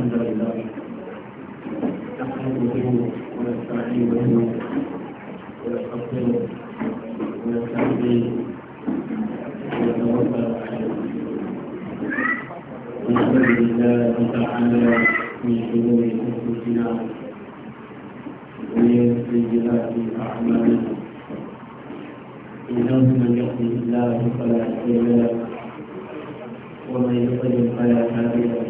الحمد لله نحمده ونستعينه ونستغفره ونستهديه ونتوكل عليه ونعوذ بالله تعالى من شرور انفسنا ومن سيئات اعمالنا انه من يهده الله فلا مضل له ومن يضلل فلا هادي له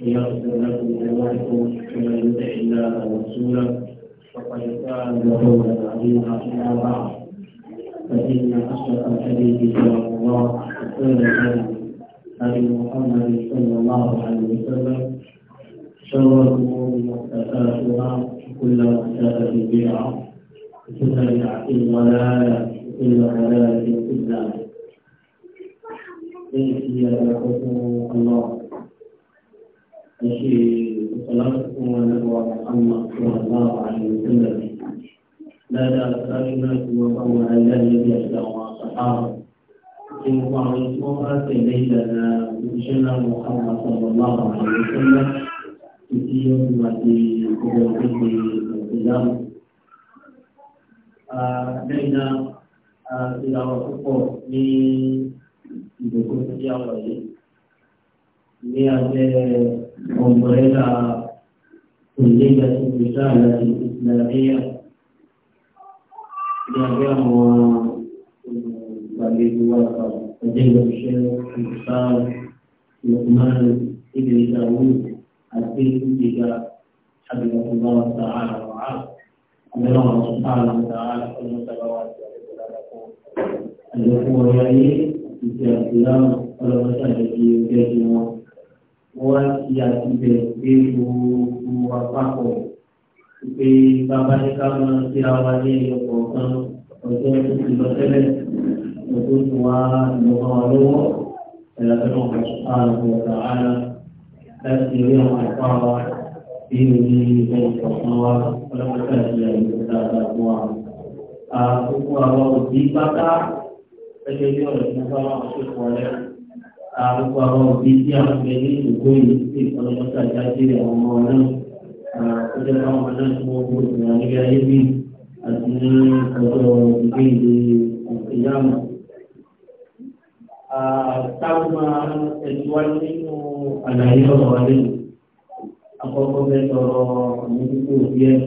يغفر لكم ذنوبكم ومن يطع الله ورسوله فقد فاز فوزا عظيما اما بعد فان اصدق الحديث كلام الله وخير الهدي هدي محمد صلى الله عليه وسلم شر الامور محدثاتها وكل محدثه بدعه وكل بدعه ضلاله وكل ضلاله في النار. إيه يا الله يشي صلاتكم ونبوى محمد صلى الله عليه وسلم لا لا سالناكم وقوى الله الذي أشدعوا الصحابة إن في سيدنا وشنا محمد صلى الله عليه وسلم في آه، آه، يوم الذي قبلته الإسلام لدينا إلى وقوع من ìdókòwò ní abẹ́ ọ̀gbọ̀nrẹ́ta òlẹ́gbẹ̀ ìgbésà àti ìsìnàlẹ́yà ní abẹ́ àwọn olùgbàlejò wa ọjọ́ ìṣẹ́ ìgbésà lukman ìgbésà wù àti ìgbésà حفظه الله تعالى وعافى الله سبحانه وتعالى كل صلوات الذكور يعيه في القيامة ولو مسألة يجاجمه wọ́n ti àtibẹ̀ pé gbogbo àpapọ̀ pé bàbá ní ká máa ṣe àwa ní ẹ̀yọ̀kọ̀ kan ọjọ́ tó ti lọ tẹ́lẹ̀ ọjọ́ tó wá lọ́wọ́ wa lọ́wọ́ ẹ̀lẹ́fẹ́ràn àrùn ọ̀gá ara láti rí àwọn àpá wa bí o ní ẹ̀yọ̀kọ̀ kan wa ọlọ́pàá ti àyẹ̀wò dáadáa fún wa. àkókò àwọn òbí pátá ẹgbẹ́ bí ọ̀rẹ́ fún bá wà àrùkọ àwọn òbí tí a ń bẹ ní ìgbó yìí sí ìfọlọ́pọ́tà jáde àwọn ọmọ náà ó jẹ́ káwọn ọmọ náà tí wọ́n gbó ìrìn àríyá yébí àti ní ọjọ́ ìgbé ìlú ìyáàmù. táwọn máa tẹ̀síwájú nínú àlàyé ọ̀rọ̀ wa lẹ́nu àkọ́kọ́ bẹ́ẹ̀ tọrọ àmójútó òbí ẹ̀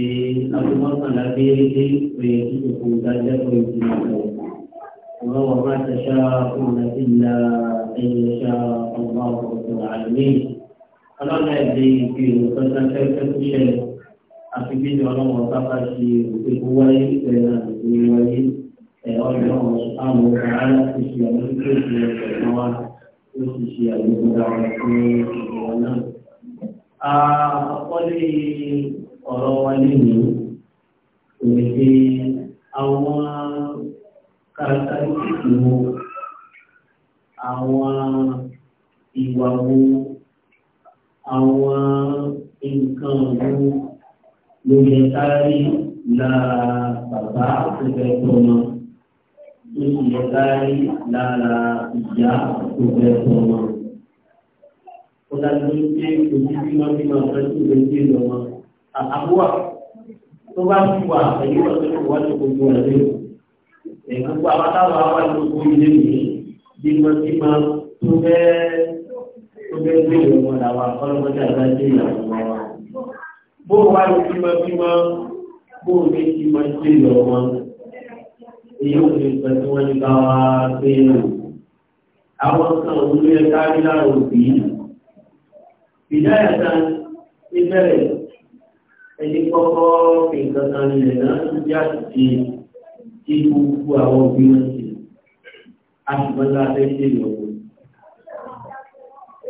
èyí àti mọ́kànlá déédéé òye tó kò dájẹ́ òye tó máa وما تشاءون إلا أن يشاء الله رب العالمين ọlọ́lá ẹ̀dẹ́ ìgbé ìrọ̀sọ́sá fẹ́fẹ́ tó ṣẹlẹ̀ àfi bí ọlọ́wọ́ pápá ṣe ìgbéko wáyé ìgbẹ́ náà ní wáyé ọ̀rọ̀ àwọn ọ̀rọ̀ ti ṣe àmójútó ìṣẹ̀lẹ̀ ẹ̀gbọ́n wa ó sì ṣe àgbéko dára fún ìgbéwọ̀ náà. àkọ́lé ọ̀rọ̀ wa lè ní òwe pé àwọn kàràkàrìtìkì wo àwọn ìwà wo àwọn nǹkan wo ló yẹ kárí lára bàbá tó fẹ́ tọ́mọ ló sì yẹ kárí lára ìyá tó fẹ́ tọ́mọ. ó dájú pé ojú bí wọ́n bí wọ́n fẹ́ tó lè dé lọ́wọ́ àbúrò tó bá ti wà pẹ̀lú ọ̀sẹ̀ tó wá ní gbogbo ẹ̀ lẹ́yìn gbogbo àwọn táwọn àwọn ìlú ilé mi bímọbímọ tó bẹ́ẹ̀ tó bẹ́ẹ̀ gbé ìwọ̀n làwọn akọ́lọ́mọdé àgbájé ìyàwó wọn. bó wá ní bímọbímọ bó ní bímọ sí ìlọ wọn èyí ò ní pẹ́ tí wọ́n ní bá wá gbé nù. E àwọn kan ò ní ẹ̀ka rí òbí. ìdáyà kan ti bẹ̀rẹ̀ ẹni kọ́kọ́ fi nǹkan nílẹ̀ náà tó bí àtìsí tí gbogbo àwọn òbí wọn ṣe àṣùgbọ́nlá fẹ́ ṣe ìyọ̀wó.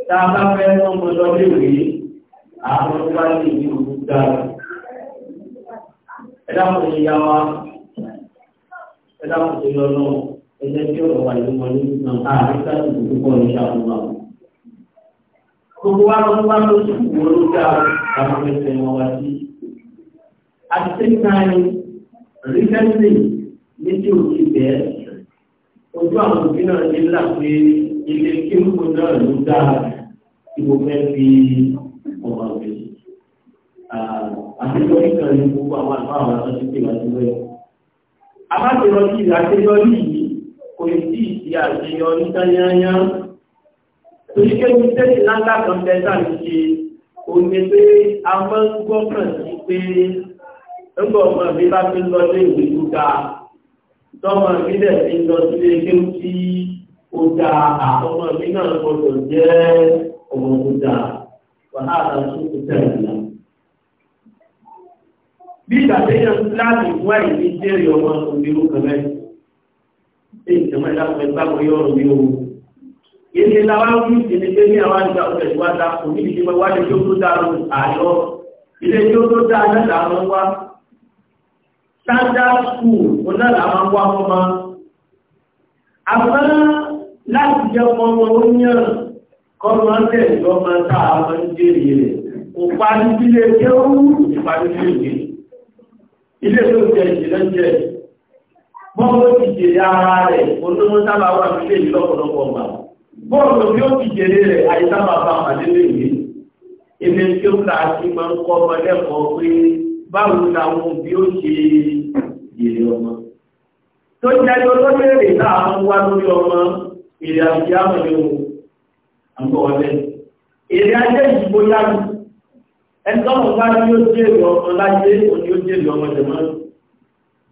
Tá a bá fẹ́ ọmọ lọ́lé ìwé, àwọn tó bá lè ní òkú dára. Ẹ dákun ní yá wa, ẹ dákun tó yọ náà, ẹ jẹ́ kí ọ̀rọ̀ wà ní ọmọ ní ìgbà àárín sáàtì tó pọ̀ ní ṣàkóso. Gbogbo wa lọ bá lọ sí ìwọ ló dára láti fẹ́ fẹ́ wọn wá sí. At the same time, recently, tí ò ti bẹ́ẹ̀ ojú àwọn òbí náà ní là pé ilé kíkó náà ló dá tí mo fẹ́ fi ọ̀rọ̀ rẹ̀. àtijọ́ nìkan ni gbogbo àwọn àbá àwọn àtọ́ ti pè wá sí wẹ́ẹ̀. abájọ́rọ́jì àtijọ́rì yìí kò sí ìdí àṣeyọrí tányányá torí kéwì tẹ́sí láńlá kan bẹ́ẹ̀ sáà ṣe òní pé a máa ń gbọ́kàn sí pé ń bọ̀ ọmọ mi bá fi lọ lé ìwé tó dáa tọ́mọ mi dẹ̀ ti lọ sílé kí ó tí ó da àtọ́mọ mi náà gbọdọ̀ jẹ́ ọmọ tó da wàhálà tó kù tẹ̀lé. bí ìgbàdéyàn láti wá ìdí jẹ́rìí ọmọ òbírú kan mẹ́rin ṣé ìjọba ìdáfẹ́ gbàgbọ́ yọ̀rọ̀ mi o. Èdè làwọn ń fi ìdílé pé ní àwọn àgbà standard school ọ̀nà làwọn wá ọmọ àmọ́ láti jẹ́ ọmọ wọn yàn kọ́mọ tẹ̀lé ọmọ tá a máa ń jèrè rẹ̀ kò parí sílé jẹ́ òun ìparí sílé ilé tó jẹ ìjìnlẹ̀ jẹ́ bọ́ọ̀lù ti jèrè ara rẹ̀ olówó sábà wà nílé yìí lọ́pọ̀lọpọ̀ ọgbà bọ́ọ̀lù bí ó ti jèrè rẹ̀ àyíká bàbá àdéhùn ìwé ilé tí ó kà á sí máa ń kọ́ ọmọ lẹ́kọ̀ọ́ pé báwo làwọn òbí ó ṣe èrè ọmọ tó jẹ́ olóbèrè láàrín wá lórí ọmọ èrè àti àmọ̀lẹ́ ohun àgbọ̀ ọ̀lẹ́ èrè ajé ìdìbò yánu ẹgbọ́n bá ní ó jẹ́ èrè ọmọ láyé òní ó jẹ́ èrè ọmọ jẹ̀mọ́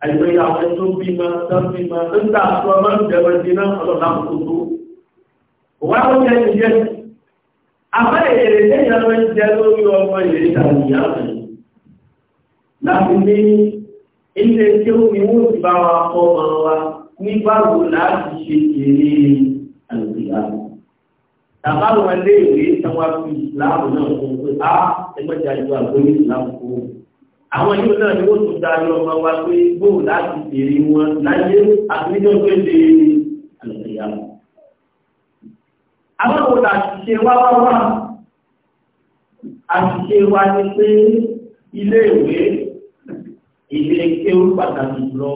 àìsàn àwọn ẹni tó bímọ tó bímọ tó ń tà tó ọmọ ìjẹmọ ti ná ọlọ́dà kókó wá ó jẹ́ ìjẹ́ àmọ́ èrè lẹ́yìn ọmọ ìjẹ lórí ọmọ ìrètà ìyá rẹ̀ láti ní ilé tí ó ní wọ́n ti bá wa kọ́ ọ̀rọ̀ wa nígbàwó láti ṣe èrè àlùkìyà tàbáwò ẹlé ìwé sanwó fi ìsìláàmù náà fún pé á ẹgbẹ́jà ìjọ àgbóyè ìsìláàmù kú àwọn yóò náà ni wọ́n tún darí ọmọ wa pé gbóò láti èrè wọn láyé àtúnjọ́ pé lè àlùkìyà àwọn òun àṣìṣe wá wá wá àṣìṣe wa ni pé ilé ìwé ilé kéwú pàtàkì lọ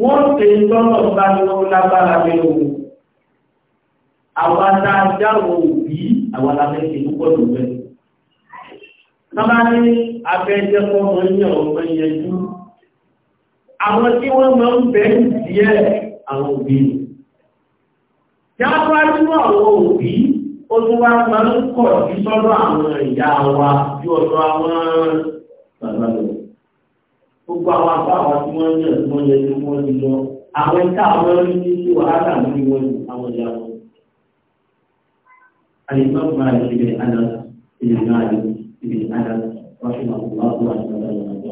wọ́n ṣe tọ́lọ̀ bá ní wọ́n lágbára lé o àwọn adájáwò òbí àwọn alámẹ́sẹ̀ púpọ̀ ló bẹ̀. Tọ́lá ní abẹ́jẹ́kọ́ mọ́ ní ọ̀pọ̀ yẹjú. Àwọn tí wọ́n máa ń bẹ̀ ń díẹ̀ àwọn òbí. Jáfá nínú àwọn òbí, ó tún wá máa ń kọ̀ sí sọ́dọ̀ àwọn ìyá wa ju ọ̀dọ̀ àwọn bàbá lọ gbogbo àwọn apá àwọn tí wọ́n yẹ̀ tí wọ́n yẹ tí wọ́n ti lọ àwọn ẹ̀ka àwọn ẹ̀rí ní sí wàhálà lórí wọn ní àwọn ìyá wọn. àyẹ̀fọ́ máa ṣe ilẹ̀ àná ilẹ̀ náà ní ilẹ̀ àná wọ́n fi máa wà wọ́n àti ọ̀dọ́ ìwọ̀n àjọ.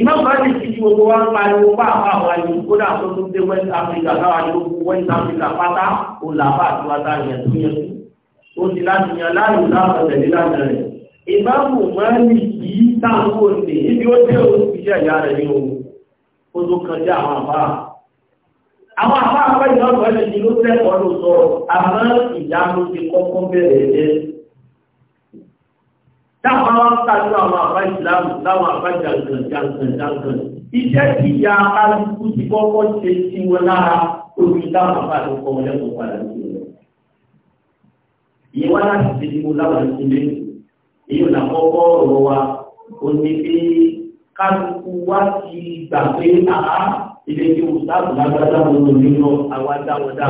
iná kan ti ti ju gbogbo wa ń pariwo bá àwọn àwọn àyè kódà tó tún dé West Africa káwa ní gbogbo West Africa pátá òun làbá àti yẹn tó yẹ ó ti láti yan láàyò láàbọ̀ tẹ̀lé láàbọ̀ ìmáàmù máa ní yìí táàkó ní ibi ó jẹ́ ìyá rẹ̀ nínú ó tó kọjá àwọn àbá àwọn àbá àpájọ ọ̀pẹ́lẹ̀ ni ló tẹ́kọ̀ọ́ ló sọ àmọ́ ìyá ló ti kọ́kọ́ bẹ̀rẹ̀ jẹ́ dáwọn wọn tàbí àwọn àbá ìsìlámù èyí là kọ́kọ́ ọ̀rọ̀ wa ó ní pé kálukú wá ti gbà pé àá ilé tí mo sáàbù lágbádá mo lò nínú àwa dáwọ́dá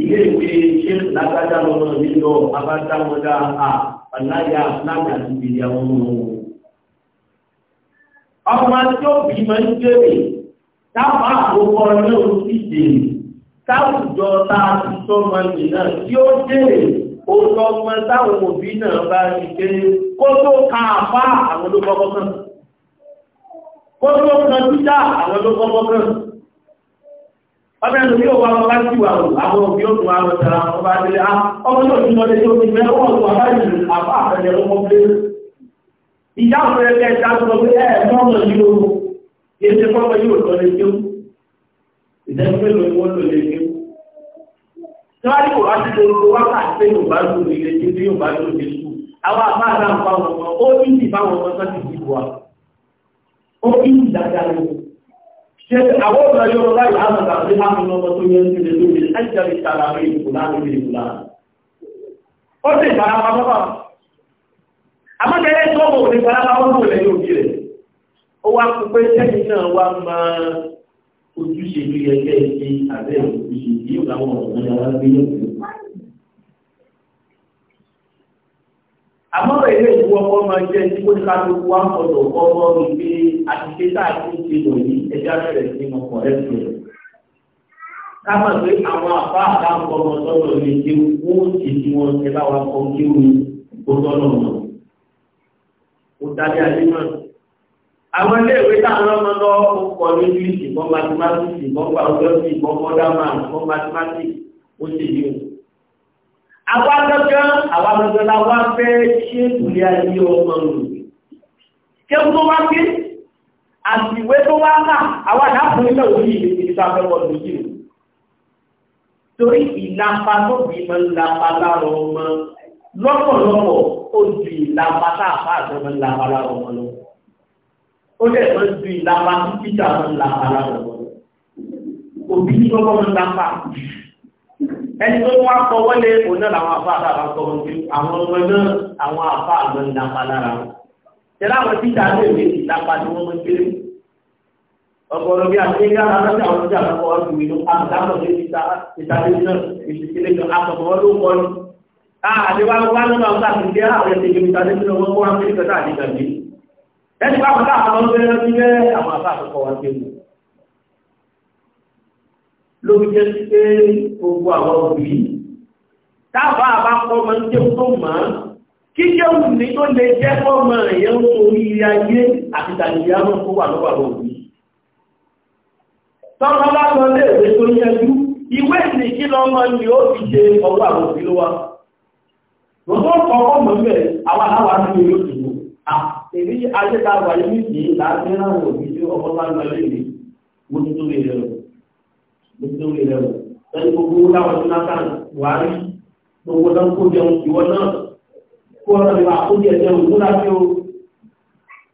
ilé ìwé ṣé lágbádá mo lò nínú àwa dáwọ́dá à ọ̀láyà lágbà ti bèrè àwọn ọmọ wọn. ọmọ tí ó bí máa ń jèrè táwọn àkókò náà ti ọmọ ó lọ mọ táwọn òbí náà bá rí pé kó tó ka àfá àwọn ló kọ́kọ́ kan kó tó kan títà àwọn ló kọ́kọ́ kan ọbẹ̀ lórí òwò àwọn bá ti wà àwọn òbí ó tún àwọn tẹ̀ra àwọn bá délé ah, ọmọ náà ti lọlé tó ti fẹ́ ọwọ́ tó wà báyìí àbá àfẹ́lẹ́ ọmọ pé Tọ́wádìí kò wá sí gbogbo wákàtí pé yóò bá lò ní ilé tí yóò bá lò ní ìlú. Àwọn àbá àdá ń bá wọn mọ́, ó ní ti bá wọn mọ́ sọ́tì ìlú wa. Ó ní ti dáadáa lọ. Ṣé àwọn ọ̀gá yóò láì láwọn ọ̀gá sí láti lọ́mọ tó yẹ ń tilẹ̀ lórí ẹ̀jẹ̀ mi tara mi ìlú láàrin ìlú láàrin. Ó sì fara pa mọ́ bàbá. Àmọ́tẹ́lẹ́ tí wọ́n mọ̀ òní fara pa mọ́ ojúṣe tó yẹ kẹ́ ẹ ṣe abẹ́ ojúṣe tí yóò láwọn ọ̀sán yàrá gbé lọ́sẹ̀. àmọ́ ilé ìwú ọkọ máa jẹ́ tí ó ká ló wá ọ̀dọ̀ ọmọ mi pé àtìṣe tá a ti ṣe lọ yìí ẹja bẹ̀rẹ̀ sí mọ kọ̀ ẹ́ tó rẹ̀. ká mọ̀ pé àwọn àbá àdáǹkọ ọmọ sọ́dọ̀ lè ṣe ó ṣe tí wọ́n ṣe báwa kọ kí ó ní ó tọ́nà ó dájú àwọn iléèwé táwọn ọmọ lọ pọ̀ ní english mọ́ mathematics mọ́ biology mọ́ modern man mọ́ mathematics ó sì yí o. àwọn akẹ́kọ̀ọ́ àwọn akẹ́kọ̀ọ́ la wá fẹ́ ṣé ìtùlẹ̀ ayé ọmọ rẹ̀ kí ó tó wá sí àtìwé tó wá kà àwọn àdáàbò ilé òní ìdíjá fẹ́kọ̀ọ́ lójú rẹ̀ torí ìlàpá tó bí mọ́ ìlàpá lára ọmọ lọ́pọ̀lọpọ̀ ó ju ìlàpá táàpá àtọ́mọ́ ìlàpá lára ọmọ lọ́wọ́ ó dẹ̀ máa ń ju ìlàpá tí títà máa ń làpá lábọ̀ òbí ní ọkọ̀ máa ń làpá ẹni tó wá kọ wọlé òun náà làwọn afá àtàwọn kọ wọn ju àwọn ọmọ náà àwọn afá àgbọn làpá lára wọn tẹ́lá àwọn títà lè lè ti làpá tí wọ́n máa ń kéré ọ̀pọ̀lọpọ̀ bí àti ẹgbẹ́ alájọ àwọn ọjà lọ́kọ̀ ọdún ìlú àtàkọ̀ lè ti ta ìtàlẹ́sìn náà ìtìsílẹ̀ náà àtọ̀kọ̀ wọn ló kọ́ ni. àdéhùn wa ló máa ń gbà Ẹni bá kọ́ láàrín ọmọ ẹgbẹ́ ọdún bẹ́ẹ̀ àwọn àbá àkọ́kọ́ wa jẹ́ wù. Lóbi jẹ́ sí pé gbogbo àwọn òbí. Táàbà àbá kọ́ ọmọ ń jẹun tó mọ̀ án. Kí jẹun ní tó lè jẹ́ kọ́ ọmọ ẹ̀yẹ́ ń torí ilé ayé àti tàbíyá náà kó wà lọ́wọ́ àwọn òbí. Tọ́lá bá lọ lé ìwé tó yẹjú. Ìwé ìsìn lọ́mọ ni ó fi ṣe ọwọ́ àwọn òbí ló Gbogbo ọkọ̀ ọmọ mẹ́rin, àwa láwa ní Èmi ayé ta wà ní ìdí láti rán òbí tí ọmọ bá ń lọ léèrè. Mo ti tó rèé rẹ̀ o. Mo ti tó rèé rẹ̀ o. Ẹni gbogbo láwọn tó náà kàn Buhari gbogbo náà kó jẹun ìwọ náà. Kó ọ̀nà ìwà àkójọ ẹ̀jẹ̀ òun múra sí o.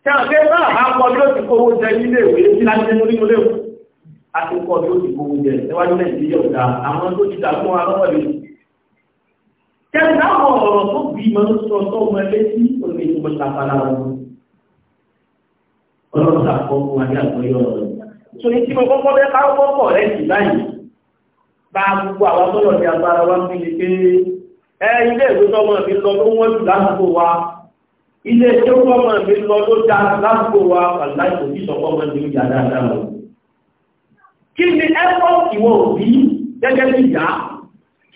Ṣé àgbẹ̀ náà bá kọ bí ó ti kówó jẹ nílé ìwé sí láti ẹnu nínú léwu? A ti kọ bí ó ti kówó jẹ níwájú Nàìjíríà ọ̀dà àwọn tó ti dà fún wa lọ́wọ́ Kẹ́rin láwọn ọ̀rọ̀ tó bí mọ́ sọ tó mọ́ lé sí orí ìtumọ̀ ṣàfàlà wọn. Ọlọ́run ṣàkọ́ fún wa ní àgbọ̀yé ọ̀rọ̀ rẹ̀. Sọ ní tí mo kọ́kọ́ bẹ́ ká kọ́kọ́ rẹ̀ sí báyìí. Bá gbogbo àwọn tó lọ ní agbára wa fi lè pé ẹ ilé ìwé tọmọ mi lọ tó wọ́n jù lásìkò wa. Ilé ìwé tọmọ mi lọ tó já lásìkò wa pàtàkì láti òbí sọ̀kọ́ mọ́ ní ìyá dáadáa lọ. Kí ni ẹ̀fọ́ ìwọ̀n òbí gẹ́gẹ́ bí ìyá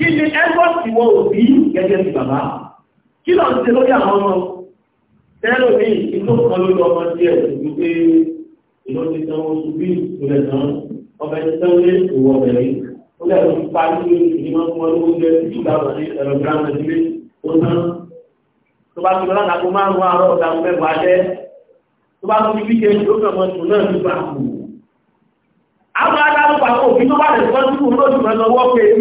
kí ni ẹ́fọ́sì wọ òbí gẹ́gẹ́ bí bàbá kí lọ ṣe lórí àwọn ọmọ tẹ́lò ní ìtò kan lórí ọmọ tí ẹ̀ tó gbé ìlú ti san oṣù bí ìpínlẹ̀ tán ọmọ ẹni tán lé òwò ọ̀bẹ̀rẹ̀ ó lẹ̀ lọ pa ní ìmọ̀ fún ọdún oúnjẹ tí ó dábọ̀ sí ẹ̀rọ gírámù sílé ó tán tó bá ti lọ láti àgbo márùn-ún àárọ̀ ọ̀dà mẹ́wàá alẹ́ tó bá tún fi kíkẹ́ lókè ọmọ tòun náà nípa dárúkọ àwọn òbí tó bá tó bá rẹ̀ láti sọ ọmọ ẹni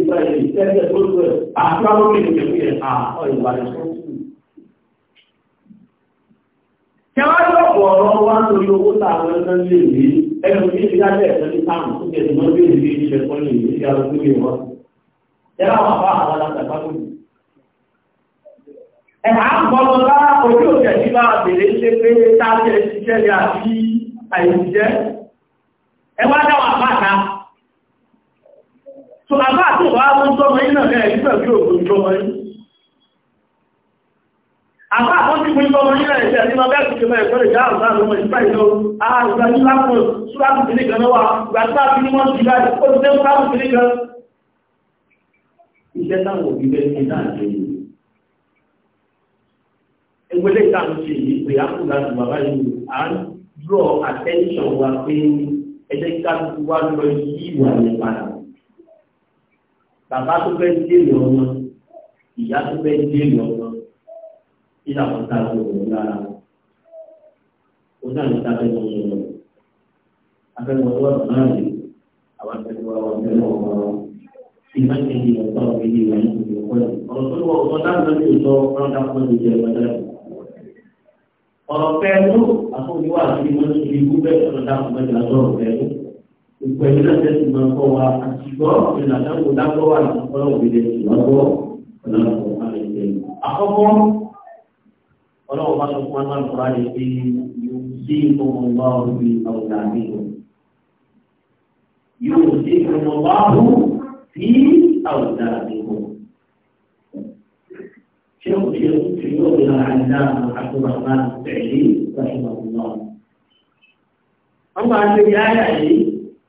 ìgbà yẹn ìṣẹ́ṣẹ́ tó tó ẹ̀ àti àwọn òbí mi kẹ̀kẹ́ yẹn àọ́ ìwà rẹ̀ sọ́ sí. kẹwàá lọ́pọ̀ ọ̀rọ̀ wa ń lo owó táwọn ẹgbẹ́ ń ní ìdájọ́ ẹ̀sẹ̀ ní táwọn tó ẹ̀hà gbọ́lọ́lá orí òjẹ̀ tí máa bèèrè ṣe pé táàbí ẹ̀ṣiṣẹ́ rẹ̀ àti àìṣiṣẹ́ ẹwà dáwà pàtà tó àbá àti ìwà àmójọ́ ọmọ iná rẹ̀ nígbà bí òkúnjọ́ ọmọ yìí àbá àkọ́sí fún ìbọn onílẹ̀ ẹ̀ṣẹ̀ tí máa bẹ́ẹ̀ tuntun mẹ́rin sọ́rọ̀ ìjà àrùn sáà lọ́mọ ìgbà ìlọ àgbà ní lápùn súrákù sílé kan náà wà gbàgbà bí wọ́n ti bá ó ti dé súrákù sílé ìwélé ìtàn ṣe yìí pé ápù láti wà báyìí ń draw attention wa pé ẹjẹ́ ká wá lọ yí ìwà yẹn padà bàbá tó fẹ́ dé lọ wọn ìyá tó fẹ́ dé lọ wọn ìlà wọn ta ló wọ lára ó náà ní ká fẹ́ lọ sọ̀rọ̀ afẹ́wọ̀n tó wà náà lè àwọn akẹ́kọ̀ọ́ àwọn akẹ́kọ̀ọ́ wọn ìgbà kejì ọ̀tọ̀ kejì ìwà yìí kò tó kọ́ ẹ̀ ọ̀rọ̀ tó wọ̀ ọ̀tọ̀ dáhùn lọ́dún ìtọ́ ọ̀rọ̀ dáhùn lọ́dún ìjẹ́ ìwà dáhùn ọ̀rọ̀ pẹ́ẹ́lú àfọwọ́díwà àti ìmọ̀ ìlú bẹ́ẹ̀ sọ̀rọ̀ dáhùn mẹ́jọ lọ́rọ̀ pẹ́ẹ́lú ìpò ẹ̀mí náà tẹ̀sí máa ń kọ́ wa àti gbọ́ ìlànà àdáwò dákọ́ wà lọ́wọ́ òbíde ìlọ́gbọ́ ọ̀làwọ̀ àlejò àkọ́kọ́ ọlọ́wọ́ bá sọ yóò sí ìfowópamọ́ òbí sí ìfowópamọ́ sí ọ̀gá شيخ شيوخنا علام عبد الرحمن السعيدي رحمه الله أما عن الآية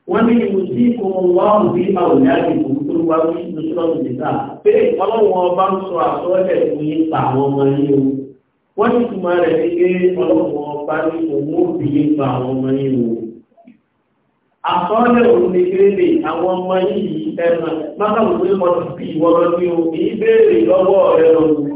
ومن يوصيكم الله في أولادكم كل واحد نصرة النساء pé ọlọ́run ọba ń sọ àsọ́ọ́lẹ̀ fún yín pa àwọn ọmọ yín o wọ́n ti túmọ̀ rẹ̀ ní pé ọlọ́run ọba ní òun ò fi yín pa àwọn ọmọ yín o àsọ́ọ́lẹ̀ òun ni kéde àwọn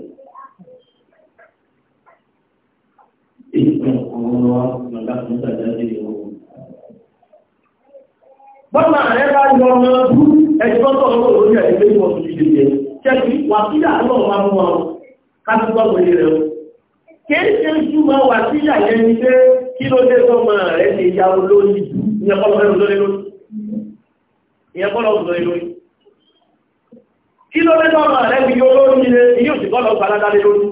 Bọ́nà rẹ̀ bá yọ ọmọ ọdún ẹjọ́ tọ́rọ orí ẹ̀gbẹ́ ìwọ̀n tó ti dìde. Ṣẹ́kì wà sí àwọn ọmọ ọmọ ọmọ kásùgbọ́ orí rẹ̀. Kìí ṣe ṣúmọ́ wà sí àyẹ́ ní pé kí ló dé tọ́mọ rẹ̀ ti ya olórí ìyẹ́kọ́lọ́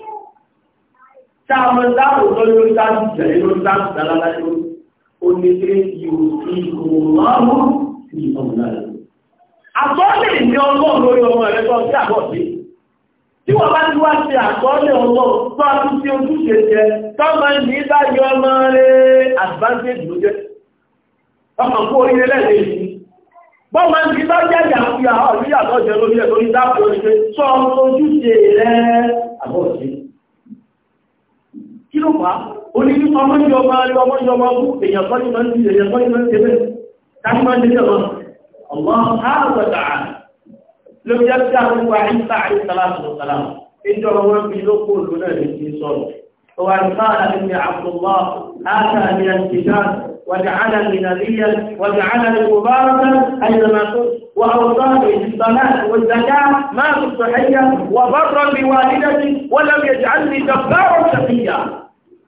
tá a mọ dáàbò tó yóò dáàbò jẹ yóò dáàbò dára láyé onídé yóò fi ìkòmọ́mọ́ ní ọ̀nà rẹ̀. àkọọ́lẹ̀ ní ọgbọ́n lórí ọmọ rẹ̀ tó sí àbọ̀ sí. tí wọ́n bá ti wá ṣe àkọọ́lẹ̀ ọgbọ́n tó a tún ṣe ojúṣe jẹ tó máa ní báyọ̀ ọmọ rẹ̀ advantage ló jẹ́. ọmọ kó oríire lẹ́yìn èyí. bọ́n máa ní bá jẹ́ àyàfi àwọn ìyàtọ̀ jẹ lórí ẹ̀ lórí dáàbò rẹ̀ sọ ojúṣe rẹ̀ àbọ̀ sí. ló fà ó ní ọmọ ìjọba ọmọ ìjọba ọmọ èèyàn kan ní máa ń ti èèyàn kan ní máa ń ti bẹ́ẹ̀ táwọn máa ń ti jẹ́ wọn ọmọ àwọ̀dà ló jẹ́ sí àwùwà ìta àìsàlátù sàlámù ìjọba wọn fi lókò lónà ní ti sọ̀rọ̀ وأن قال إني عبد الله آتاني الكتاب وجعلني نبيا وجعلني مباركا أينما كنت وأوصاني بالصلاة والزكاة ما كنت حيا وبرا بوالدتي ولم يجعلني جبارا شقيا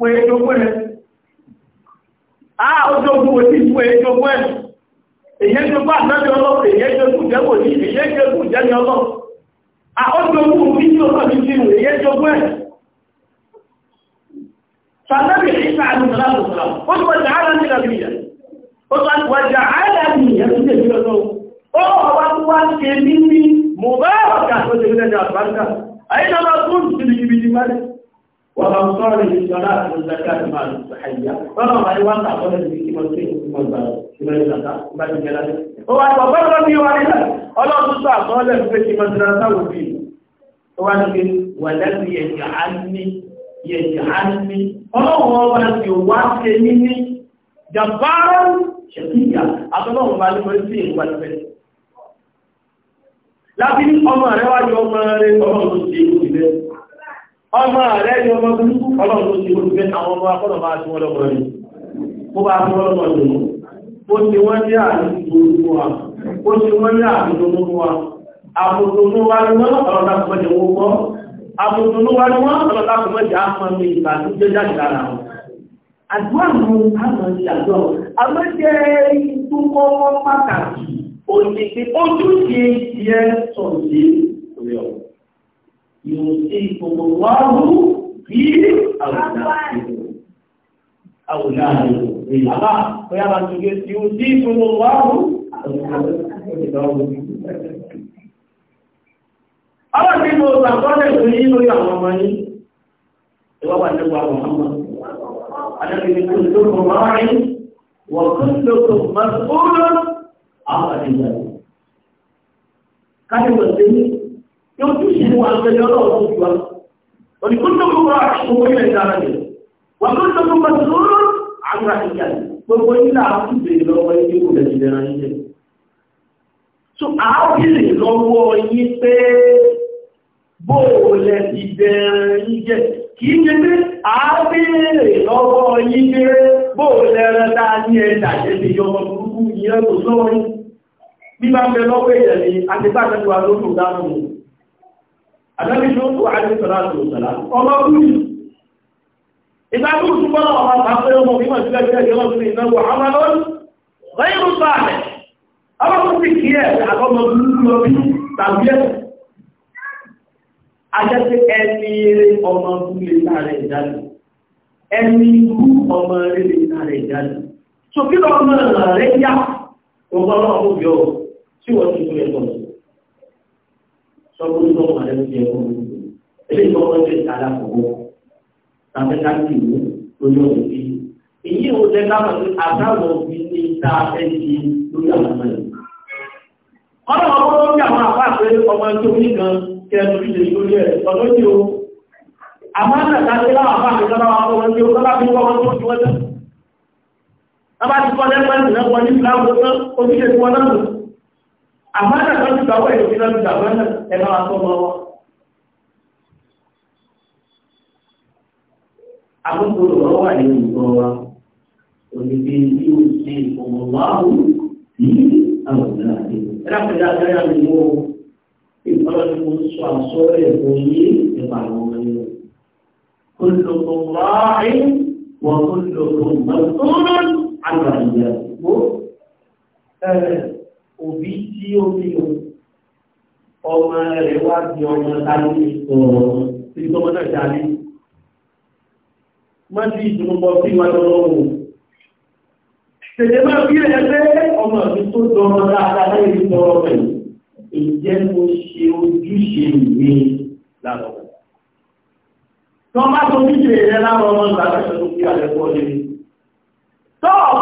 pé ẹjọ́gbọ́ ẹ̀ àà ọjọ́ ogun òtí pé ẹjọ́gbọ́ ẹ̀ èyẹ́jọ́gbọ́ àtàbí ọlọ́pẹ̀ èyẹ́jọ́gbọ́ jẹ́kò ní èyẹ́jọ́gbọ́ jẹ́ni ọlọ́ àọjọ́ ogun òtí ah, tí ó sọ ní sínú èyẹ́jọ́gbọ́ ẹ̀ sàtàbí ìṣà àlùsàlàmùsàlà ó ti wọ́n jàálà ní ìlàbíyà ó ti wọ́n jàálà ní ìyẹ́jọ́gbọ́ ó ọwá tó wá ṣe ní ní mọ̀bá ọ̀kà tó ṣe ní وأمصار للصلاة والزكاة مع الصحية فما غير واقع قلت في كما تقول كما تقول كما تقول كما تقول هو أتبرر بي وعليها ألا تصع قال في كما تقول فيه هو أنك ولم يجعلني يجعلني هو أن يواكني جبارا شقيا أتبرر ما لم يسير والبيت لكن أمر واجه أمر أمر أمر أمر ọmọ rẹ̀ ni ọmọ burúkú ọlọ́run ló ti olùfẹ́ àwọn ọmọ akọ́nà máa tí wọ́n lọ́pọ̀ rẹ̀ kó bá tí wọ́n lọ́pọ̀ rẹ̀ ó ti wọ́n ní àdúgbò gbogbo wa ó ti wọ́n ní àdúgbò gbogbo wa àbùdùnú wa ni wọ́n ọlọ́dà kò mọ̀jẹ̀ wọ́n gbọ́ àbùdùnú wa ni wọ́n ọlọ́dà kò mọ̀jẹ̀ àmọ́ wọn. àdúrà mú àmọ́ ti àjọ àmọ́ jẹ́ ikú kọ́kọ́ pàtàkì òṣìṣẹ́ ojúṣe yẹ sọ̀rọ̀ sí òwe ọ̀hún yóò ṣe ìfowópamọ́ bí àwùjọ àwùjọ èyí àbá bóyá bá ti gé yóò ṣe ìfowópamọ́ àwọn tí mo sàkọ́lẹ̀ fún yí lórí àwọn ọmọ yí ìwọ́pàá tí wà wọ́n mọ́ adájọ́ àwọn àti ìgbà káàkiri yóò tún ṣe wà lẹ́yìn ọlọ́run tó wà. Òdìkúndùkú wà ṣòwò ilẹ̀ ìdára rẹ̀. Wà tó tó tó pàtó lóró àwọn àṣìyà gbogbo nílà àkùnbè lọ́wọ́ yìí kò lẹ́yìn ìdára yìí. So àábìrì lọ́wọ́ yìí pé bóòlẹ̀ ìbẹ̀rẹ̀ yìí jẹ́ kìí ṣe pé àábìrì lọ́wọ́ yìí pé bóòlẹ̀ rẹ̀ dáa ní ẹ̀dà ẹ̀dẹ̀ yọmọ burúkú yìí rẹ̀ kò sọ́wọ́ yìí. Bí bá ń bẹ lọ́wọ́ èèyàn ni àti bá Àdábí ló tó àdé sọ̀rọ̀ àti òṣèlá. Ọmọ kúrì. Ìgbàgbọ́ tó bọ́lá ọmọ àpapọ̀ ọmọ bí wọ́n ti lẹ́gbẹ́ ẹgbẹ́ wọn sí ìnáwó àwọn lọ́rùn. Lẹ́yìn ló sọ àmẹ́. Ọmọ tó sì kí ẹ̀ àkọ́mọ búrú lọ bí tàbí ẹ̀. Ajẹ́sí ẹni eré ọmọ kúrì láàrẹ̀ ìjáde. Ẹni irú ọmọ eré láàrẹ̀ ìjáde. Sòkí lọ́mọ rẹ̀ yá. Ògbọ́n náà ó yọ tí wọ́n ti tó ẹ̀kọ́ sọ́kú tó wà lẹ́nu jẹ fún mi. eléyìí tó wọ́n ti sàdá fọwọ́ tàbí káàkiri ìwé lórí ọ̀rẹ́ bí. èyí ò jẹ́ ká pẹ̀lú àtàwọn òbí ní ta ẹ̀jì lórí àwọn ọmọ yìí. ọ̀nà ọ̀pọ̀ lórí àwọn àpáàpẹ́ ọmọ tó ní kan kẹ́ẹ̀dù ìdè lórí ẹ̀ ọ̀dọ́ tí o. àmọ́ àtàkà tí láwọn àpáàpẹ́ sábà wà fún wọn tí o sábà fi wọ́n tó ju wọn tán. tábà ti kọ́ lẹ́gbẹ̀ẹ́ àmánà kan ti gbàwọ́ èdè tí lọ́dún gbàwọ́ náà ẹ máa tọ́ ọmọ wa àkókò lọ́wọ́ wà nínú ìgbọ́ wa onígbé tí ó ṣe ọmọ wáhù sí àwọn ọ̀gá àti ẹ̀dàpẹ̀dà àgbáyà ni mo ìfọlọ́ni mo sọ àsọ́rọ̀ ẹ̀kọ́ yé ẹ̀bà àwọn ọmọ yẹn كلكم راع وكلكم مسؤول عن رعيته òbí tí ó ní o ọmọ rẹ̀ wá di ọmọ tálí tí tọmọ náà jáde má sí ìdúnbọ sí wa lọ́wọ́ o tètè máa fi rẹ̀ pé ọmọ mi tó dọ̀rọ̀ dáadáa láyé ní tọrọ rẹ̀ ìjẹ́ mo ṣe ojúṣe ìwé lálọ́ tọ́ bá tó ní ṣe ìrẹ́ láwọn ọmọ ìgbàlẹ́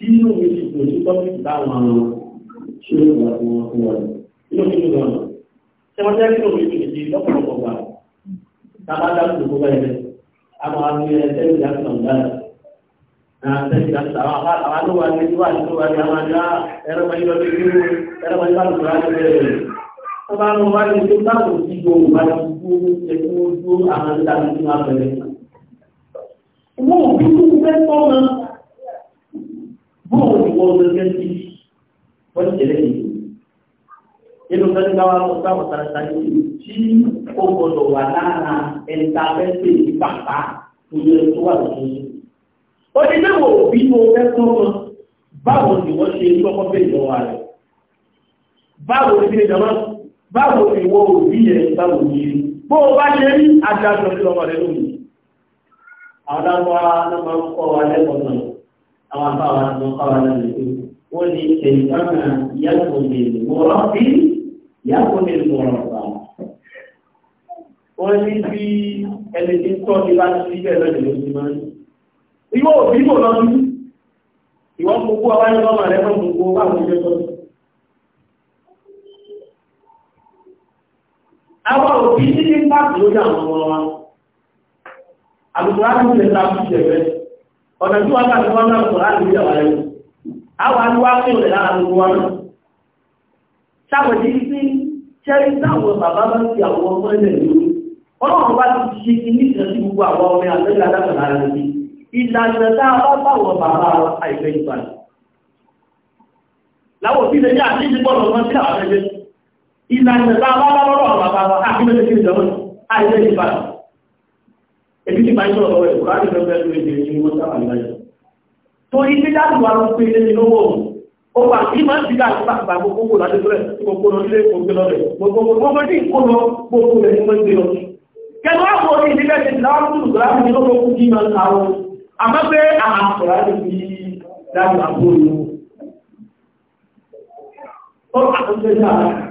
tí inú mi ti kò ní tọ́pì táwọn ṣe é wà fún wọn fún wọn inú mi ti gbọ́n lọ ṣé wọ́n jẹ́ kí omi ti di lọ́pọ̀lọpọ̀ gbà tábà dáhùn tó bá yẹn a máa ní ẹsẹ̀ ìdí àtúntò dára náà ẹsẹ̀ ìdí àtúntò àwọn alówà ní ìwà àtúntò wà ní àwọn àjá ah, ẹ̀rọ máa ń lọ sí ìlú ẹ̀rọ máa ń bá lùkùrọ̀ àti bẹ́ẹ̀ tọ́ba ló wá ní ṣe báwo ti do òwúwa ti kú ẹ̀kú ojú àwọn ìdá tuntun abẹ́rẹ́. Wọ́n ò bóòwò ni wọ́n gẹ́gẹ́ sí wọ́n ti tẹ̀lé yìí nínú fẹ́ẹ́ ká wá lọ sáwọn tàǹtà yìí tí ó gbọdọ̀ wà lára ẹ̀ta fẹ́ẹ́ ní bàbá tó yẹ tó wà lọ́sọ̀ọ́sọ̀. ó ní náà wò bí mo fẹ́ tó mọ báwo ni wọ́n ṣe kọ́kọ́ bẹ́ẹ̀ lọ́wọ́ rẹ̀ báwo ni ilé ìjọba báwo ni wọ́n ò bí yẹn báwo ni ilé bó o bá ṣe rí adájọ́ sí ọmọ rẹ lónìí. àwọn àwọn náà máa ń kọ́ wa lẹ́kọ̀ọ́ náà àwọn afáwọn tó ń kọ́ra lẹ́nu pé ó ní ṣèǹtọ́nà yàtọ̀mí mọ̀rọ́ sí yàtọ̀mí mọ̀rọ̀ sà. ó ní bí ẹni tí ń tọ́ ní bá ti bẹ̀ lọ́dẹ̀ ló ti máa ń. ìwọ òbí mò lọ sí ìwọ gbogbo abáyọ lọ́mọ rẹ fún gbogbo àwọn ìjọ tó. àwọn òbí ní ní pàtó lórí àwọn ọmọ wa àbùkù láti ń tẹ̀lé àbùkù ẹ̀fẹ́. ọ̀nà tí wọ́n bá ti wọ́n náà sọ̀rọ̀ àti ìjọba rẹ̀ àwọn àdúrà pé òlẹ̀ lára gbogbo wọn náà ṣàpèjì sí ṣẹ́rí táwọn bàbá bá ti àwọn ọmọ ilẹ̀ lórí ọlọ́run bá ti ṣe ti ní ìṣẹ́ sí gbogbo àwọn ọmọ àtẹ́lẹ̀ adágbàlá rẹ̀ ìlànà tá a bá báwọn bàbá àìfẹ́ láwọn òbí àti ìdíbọ̀lọ̀ sí àwọn ẹgbẹ́ ìlànà tá a bá bá lọ́rọ̀ bàbá àìfẹ́ èbí ti báyìí sọ̀rọ̀ rẹ̀ kùrá nìkan bẹ́ẹ̀ lórí ìdílé ní wọ́n sábà níláyọ̀. tó ilé láti wà ló pé ilé ní lọ́wọ́ ó wà ní máa ń ti láti bá àgbà gbogbo kò láti rẹ̀ gbogbo lọ sílé gbogbo lọ rẹ̀ gbogbo gbogbo tí kò lọ gbogbo rẹ̀ ní wọ́n gbé lọ. kẹnu wá wọ ilé lẹ́sẹ̀ tí láwọn tún kùrá ní lọ́wọ́ kú kí máa ta wọn àmọ́ pé àkùrá ti fi dájú àbúrò yìí. ó àkọsílẹ̀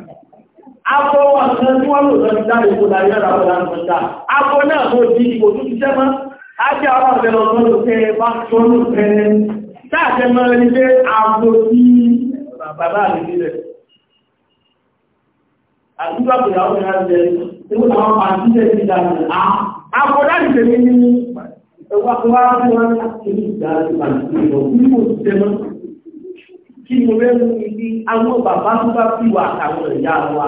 Akọ wọn kan tí wọ́n lò lọ sí dáre kó darí lára ọ̀dà ń gbọ́dá. Akọ náà kò di ìbò tó ti jẹ́ mọ́. A jẹ́ àwọn ọ̀dẹ̀ lọ sọ́dọ̀ pé bá tó ń pẹ́. Táàjẹ́ mọ́ ẹni pé aago tí bàbá mi nílẹ̀. Àdúgbò àpòyàwó ni a ń jẹ ewu àwọn pàṣẹ ti dàrú. Akọ dáre tèmi ní ẹwà tó wá fún wa láti ní ìdájú àti ìrọ̀ nígbò tó jẹ́ mọ́ kí mo rẹ́ mú ibi àwọn bàbá tó bá fi àtàwọn ìyá wa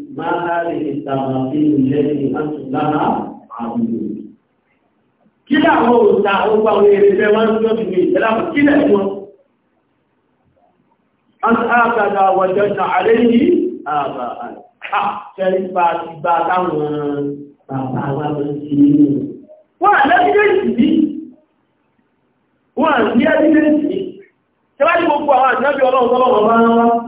ما هذه التفاصيل التي أنتم لها عظيمون kí láwọn òta ọgbà àwọn èrèfẹ́ wọn ń jọ́ ìgbè ìtẹ́lápù kí lẹ̀ wọn an ágbàdà wọ̀jọ́ ìta àrẹ́ yìí àbà àṣẹ́rípa ti bá táwọn bàbá wa lọ sí inú wọ́n wọ́n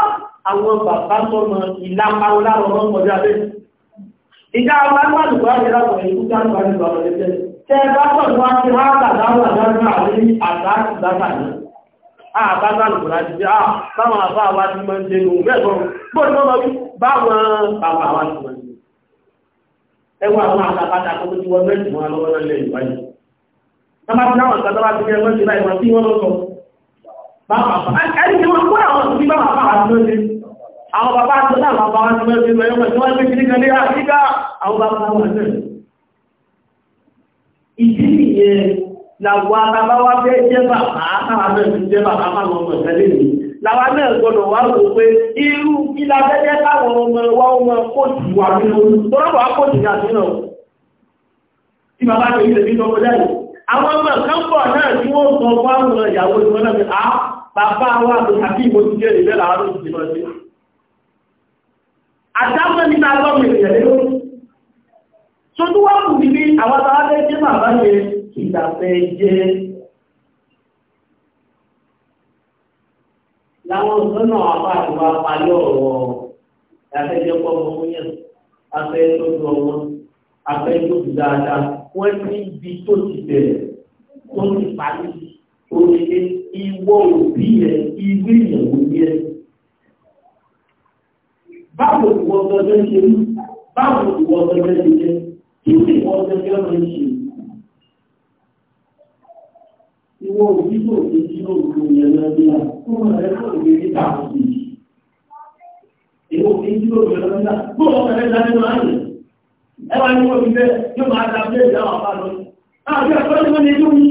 àwọn bàbá tọ́mọ ìlápa láwọn ọmọ ọjọ́ abẹ́ ìjà ọba ní wàlùkọ́ àti ìlàpọ̀ ìlú tí a ń gbà nígbà ọ̀rọ̀ lẹ́sẹ̀ tẹ́ ẹ bá tọ̀ wá sí wá àtàdáwà dáná àti àtà ìdáta ní àbá lálùkọ́ láti bí báwọn àbá wa ti máa ń dé lóhun bẹ́ẹ̀ gbọ́n bó ni wọ́n lọ bí báwọn bàbá wa ti máa ń dé ẹwà àwọn àtàkàtà tó ti wọ́n Àwọn bàbá àti náà bàbá wọn ti mẹ́rin mẹ́rin mẹ́rin tí wọ́n ti kìí kan ní àríkà àwọn bàbá wọn náà. Ìdí nìyẹn làwọ àtàbá wá fẹ́ jẹ́ bàbá àtàbà náà ti jẹ́ bàbá máwọn ọmọ ìtẹ́lẹ̀ mi. Làwà náà gbọdọ̀ wá rò pé irú kí la fẹ́ jẹ́ káwọn ọmọ wa ọmọ kóòtù wà nínú tọ́lọ́wà kóòtù ní àdínà. Tí bàbá mi ìlẹ̀ bí tọ́kọ jáde, àwọn ọmọ kan pọ̀ náà tí wọ́n sọ fún àwọn ìyàwó ìwọ́n náà ah, bàbá wa tó tàbí ìbò ti jẹ́ ìbẹ́ làárọ̀ ti lọ sí. Àdámọ́ ní tàbí ìrìnlẹ̀ lérò. So tó wá kù níbi àwọn tàbí jẹ́ màmá yẹ ìdàfẹ́ jẹ́ láwọn ọ̀sánà àpá àtúwà palẹ́ ọ̀rọ̀ ìdàfẹ́jẹ́ pọ̀ mọ́ yẹn afẹ́ tó tó ọmọ afẹ́ tó tó dáadáa wọ́n ti ibi tó ti bẹ̀rẹ̀ tó ti parí ó ní pé ìwọ òbí ẹ ìwé ìyàwó ní ẹ báwo ìwọ ọ̀gẹ́gẹ́ ṣe rí báwo ìwọ ọ̀gẹ́gẹ́ ṣe jẹ́ kí ni ìwọ ọ̀gẹ́gẹ́ máa ń ṣe ìwọ òbí tó ti jí òkú yẹn lọ́dún náà kó máa rẹ́ kó lè rí tààkù sí ìwọ òbí jí òkú yẹn lọ́dún náà kó máa rẹ́ dájú náà yẹn ẹwà ní wọ́n fi bẹ́ẹ̀ yóò máa ta bẹ́ẹ̀ dáwà bá lọ. àti àkọọ́lẹ̀ wọn ni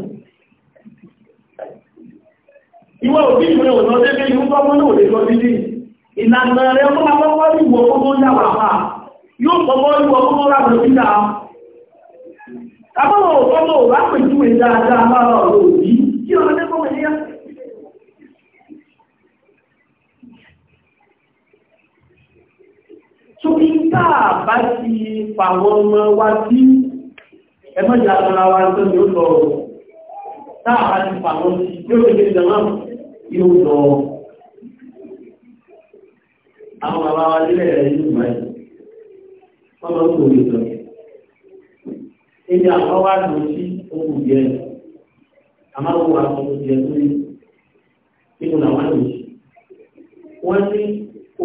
ìwọ òbí ìwé òlọ débé ìlú tọ́mọ́ náà lè lọ títí ìlànà rẹ̀ fún akọ́kọ́ ìwọ ọkọ́ yàwà pa yóò kọ́kọ́ ìwọ ọkọ́ rábọ̀ títà àbọ̀wọ̀ ọkọ́ wà pẹ̀lúwẹ̀ dáadáa lára ọ̀rọ̀ òbí kí ọmọ dé kọ́wẹ̀ yá tóbi tá a bá ti fàwọn ọmọ wa sí ẹgbẹ́ ìyàtọ̀ ra wa tó ní ó lọ tá a bá ti fàwọn sí yóò lè jẹ́ ìjọba yóò lọ àwọn bàbá wa nílẹ̀ rẹ̀ yóò gbà yìí wọ́n lọ kó lè lọ. Ebi àwọn wá lọ sí okùn jẹ àmọ́ wọ́n wà okùn jẹ lórí nínú làwọn lọ sí. Wọ́n ní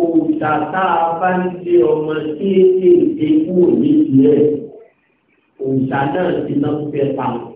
òòṣà tá a bá ń gbé ọmọ kéékèèké kúrò ní ìlú rẹ̀ òòṣà náà ti náà fẹ́ pa wọn.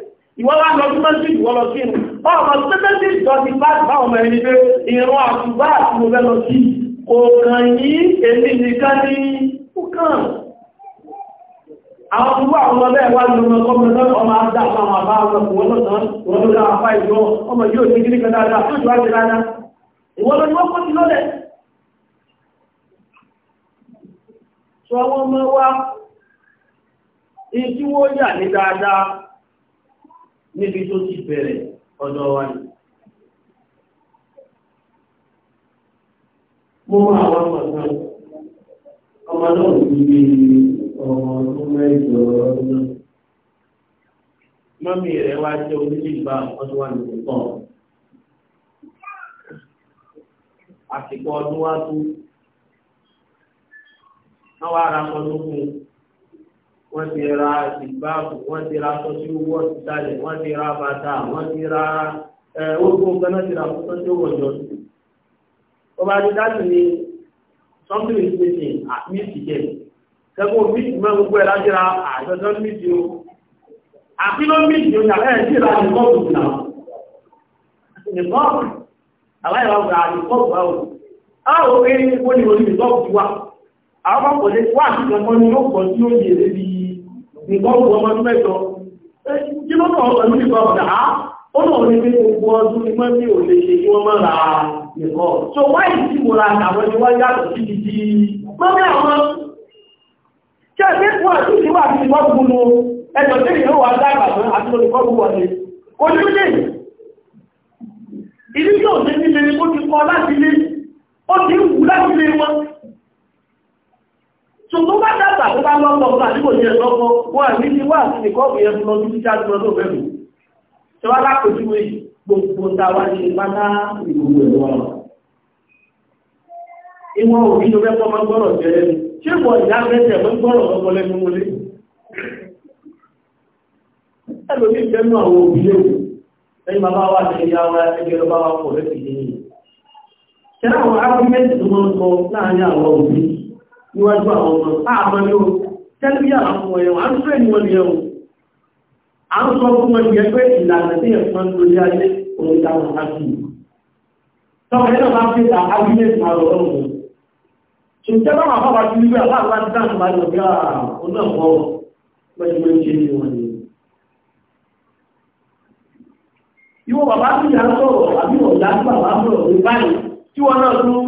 ìwọ́n wá lọ túnmọ́sí ìwọ́ lọ sínú báwọn tẹ́tẹ́sí ìjọ ti bá báwọn ọmọ ẹni pé ìrún àtúgbà àti mo fẹ́ lọ sí kò kàn yí èmi nìkan ní kúkàn àwọn ọmọ àwọn ọmọ bẹ́ẹ̀ wá lọ́mọ ọmọ ọmọ àdá àwọn àbá ọmọ ọlọ́sàn wọn ló dá àpá ìjọ ọmọ yóò ní kíní kan dáadáa tó jùlọ àti rárá ìwọ́n lọ ni wọ́n kó ti lọ́lẹ̀ sọ wọn mọ́ wá ìtí wọ́n yà ní dáadáa níbi tó ti bẹ̀rẹ̀ ọ̀dọ̀ wa ni. Mo máa wá pàtàkì ọmọ náà ti bí ọmọ ọdún mẹ́jọ ọdún. Mọ́mí rẹ̀ wá jẹ́ onílé-ìgbà ọdún wa nìkan tán. Àsìkò ọdún wa tó. Wọ́n wá ara ọdún fún wọ́n ti ra ìgbàgbọ́ wọ́n ti ra sọ́sí owó ọ̀sítàlẹ̀ wọ́n ti ra bàtà wọ́n ti ra orúkọ nǹkan náà ti ra fún sọ́sí owó ọ̀jọ́ sí. ọba ní dájú ni something is missing at me again. sẹ́gun míìtì mọ́ gbogbo ẹ̀ láti ra àjọjọ́ míìtì o. àfi ló míìtì o yàrá ẹ̀ sí ra nìkọ́ọ̀bù náà. nìkọ́ọ̀bù aláìlá ọ̀gá nìkọ́ọ̀bù báwo. àwọn òkè ní wọ́n ní wọ́n ní nìkọ́ọ̀bù ti wà. àwọn kò lè wá àti ìjọba ni yóò pọ̀ sí oúnjẹ lébi nǹkan ọgbọ̀n ọmọ ọdún mẹ́jọ kí ló náà pẹ̀lú nìkan ọ̀dà á ó náà ní pé gbogbo ọdún ni mọ́ mi ò lè ṣe kí wọ́n máa ra nìkan so wáyé tí mo ra àwọn ẹni wáyé àtọ̀ sí ti di mọ́mí àwọn kí ẹgbẹ́ fún àti ìwà àti ìwà gbogbo ẹjọ́ tí ìlú wa dá ìbàdàn àti olùkọ́ gbogbo ọ̀dẹ onílé ìlú yóò ṣe nílé ó ti kọ láti lé ó ti ń wù láti lé wọn tó bá dàgbà tó bá lọ́pọ̀ ọ̀pọ̀ àdúgbò ní ẹ̀lọ́pọ̀ wọ́n àmì ní wà sí ìkọ́ọ̀bù yẹn fún ọdún títà jùlọ tó bẹ̀rù tó wá lápòjúwé gbogbo tàwa ṣe pátá ìgbòho ẹ̀rọ ọ̀rọ̀ ìwọ̀n òbí ló fẹ́ fọ́mọ gbọ́rọ̀ jẹ́ ṣé wọ́n ìyá mẹ́tẹ̀ mọ́ gbọ́rọ̀ ọkọ̀ lẹ́nu wọlé ẹlòmí fẹ́nu àwọn òbí léwu ẹ̀yìn bàbá wa ti ya wa ẹgbẹ́ ló bá wa pọ̀ lẹ́sìn yìí ṣé àwọn ágbẹ́mẹ́tì tó mọ́ ń sọ láàárín àwọn òbí níwájú àwọn ọmọ àmà ní o tẹ́lẹ̀bí àwọn ọmọ ẹ̀wọ̀n à ń fẹ́ ní wọn ni ẹ̀wọ̀n à ń sọ fún wọn yẹ pé ìlànà tí ẹ̀fọn lórí ayé òun dáwọn láti yìí tọ́kẹ́ náà bá fi ta agbílẹ̀ ìpàrọ̀ ọ̀rọ̀ ṣùgbọ́n bá wà bá ti rí bẹ́ẹ̀ láti láti dáhùn bá ah, sọ̀rọ̀ àbí ọ̀dà bàbá sọ̀rọ̀ ní báyìí tí wọ́n náà tún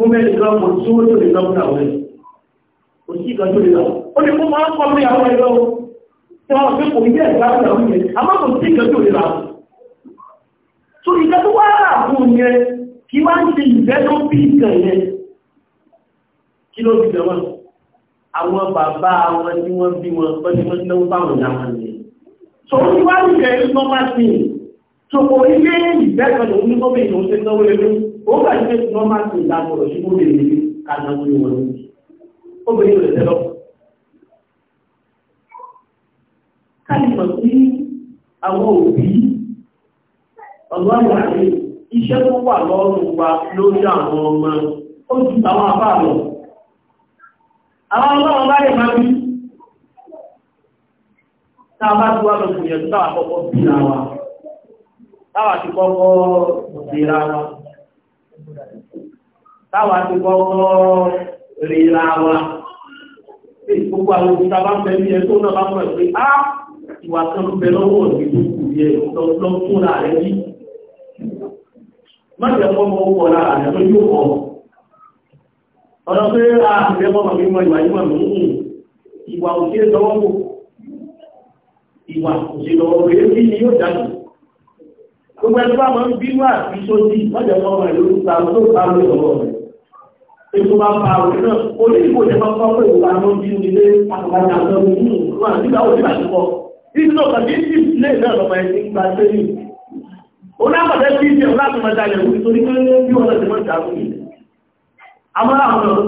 mo mẹ́rin lọ kò tí ó lè lọ fún àwọn ẹ̀ sí ìkan tó lè lọ ó lè fún máa ń kọ́ lórí àwọn ẹ̀rọ tí wọ́n fi kò yẹ ìgbà àwọn àwọn yẹn àmọ́ kò sí ìkan tó lè lọ Sọ̀pọ̀ ilé ìgbẹ́kọ̀lẹ̀ onígbọ́mí ìlú ṣe lọ́wọ́ ilé, ó bá ṣe tí wọ́n máa ti ìdágbọ̀rọ̀ sí mú lè rí kànáwó ìwọ̀n. Ó bèèrè rẹ̀ tẹ́lọ. Kálìmọ̀ sí àwọn òbí, ọ̀gbọ́n àwọn àrí, iṣẹ́ tó wà lọ́rùn wa lórí àwọn ọmọ, ó ju àwọn àbá lọ. Àwọn ọlọ́run bá lè máa bí. Tá a bá ti wá lọ sí ìyẹn tó bá àkọ́kọ́ bí ara wa táwa ti kọ́kọ́ ríra wa táwa ti kọ́kọ́ ríra wa tí gbogbo àwọn òkúta bá ń ní ẹ̀tọ́ náà bá mọ̀ pé á ìwà kan ń bẹ lọ́wọ́ ní gbogbo yẹ lọ fúnra rẹ̀ yí má jẹ́ kọ́ lára rẹ̀ ló yóò kọ́ ọ̀nà pé a ìfẹ́ mọ́ mọ̀ mímọ̀ ìwà yíwọ̀ mí ìwà òṣèlú lọ́wọ́ ìwà òṣèlú lọ́wọ́ rẹ̀ yóò dájú gbogbo ẹni bá máa ń bínú àti sódì lọ́jọ́ ọmọ rẹ̀ ló ń ta tó bá lórí ọ̀rọ̀ rẹ̀ ètò bá pa òwe náà orí ìbò jẹ́ máa kọ́ pé ìwà ló ń bínú ilé àtàkàtà lọ ní inú ìlú àti ìgbà òní àti pọ̀ nínú ọ̀kan tí tí ilé náà lọ́mọ ẹni gba sẹ́yìn onápàdé tí ìṣe láti máa dalẹ̀ wù nítorí pé bí wọ́n ti máa dàrú yìí àmọ́ àwọn ọ̀rọ̀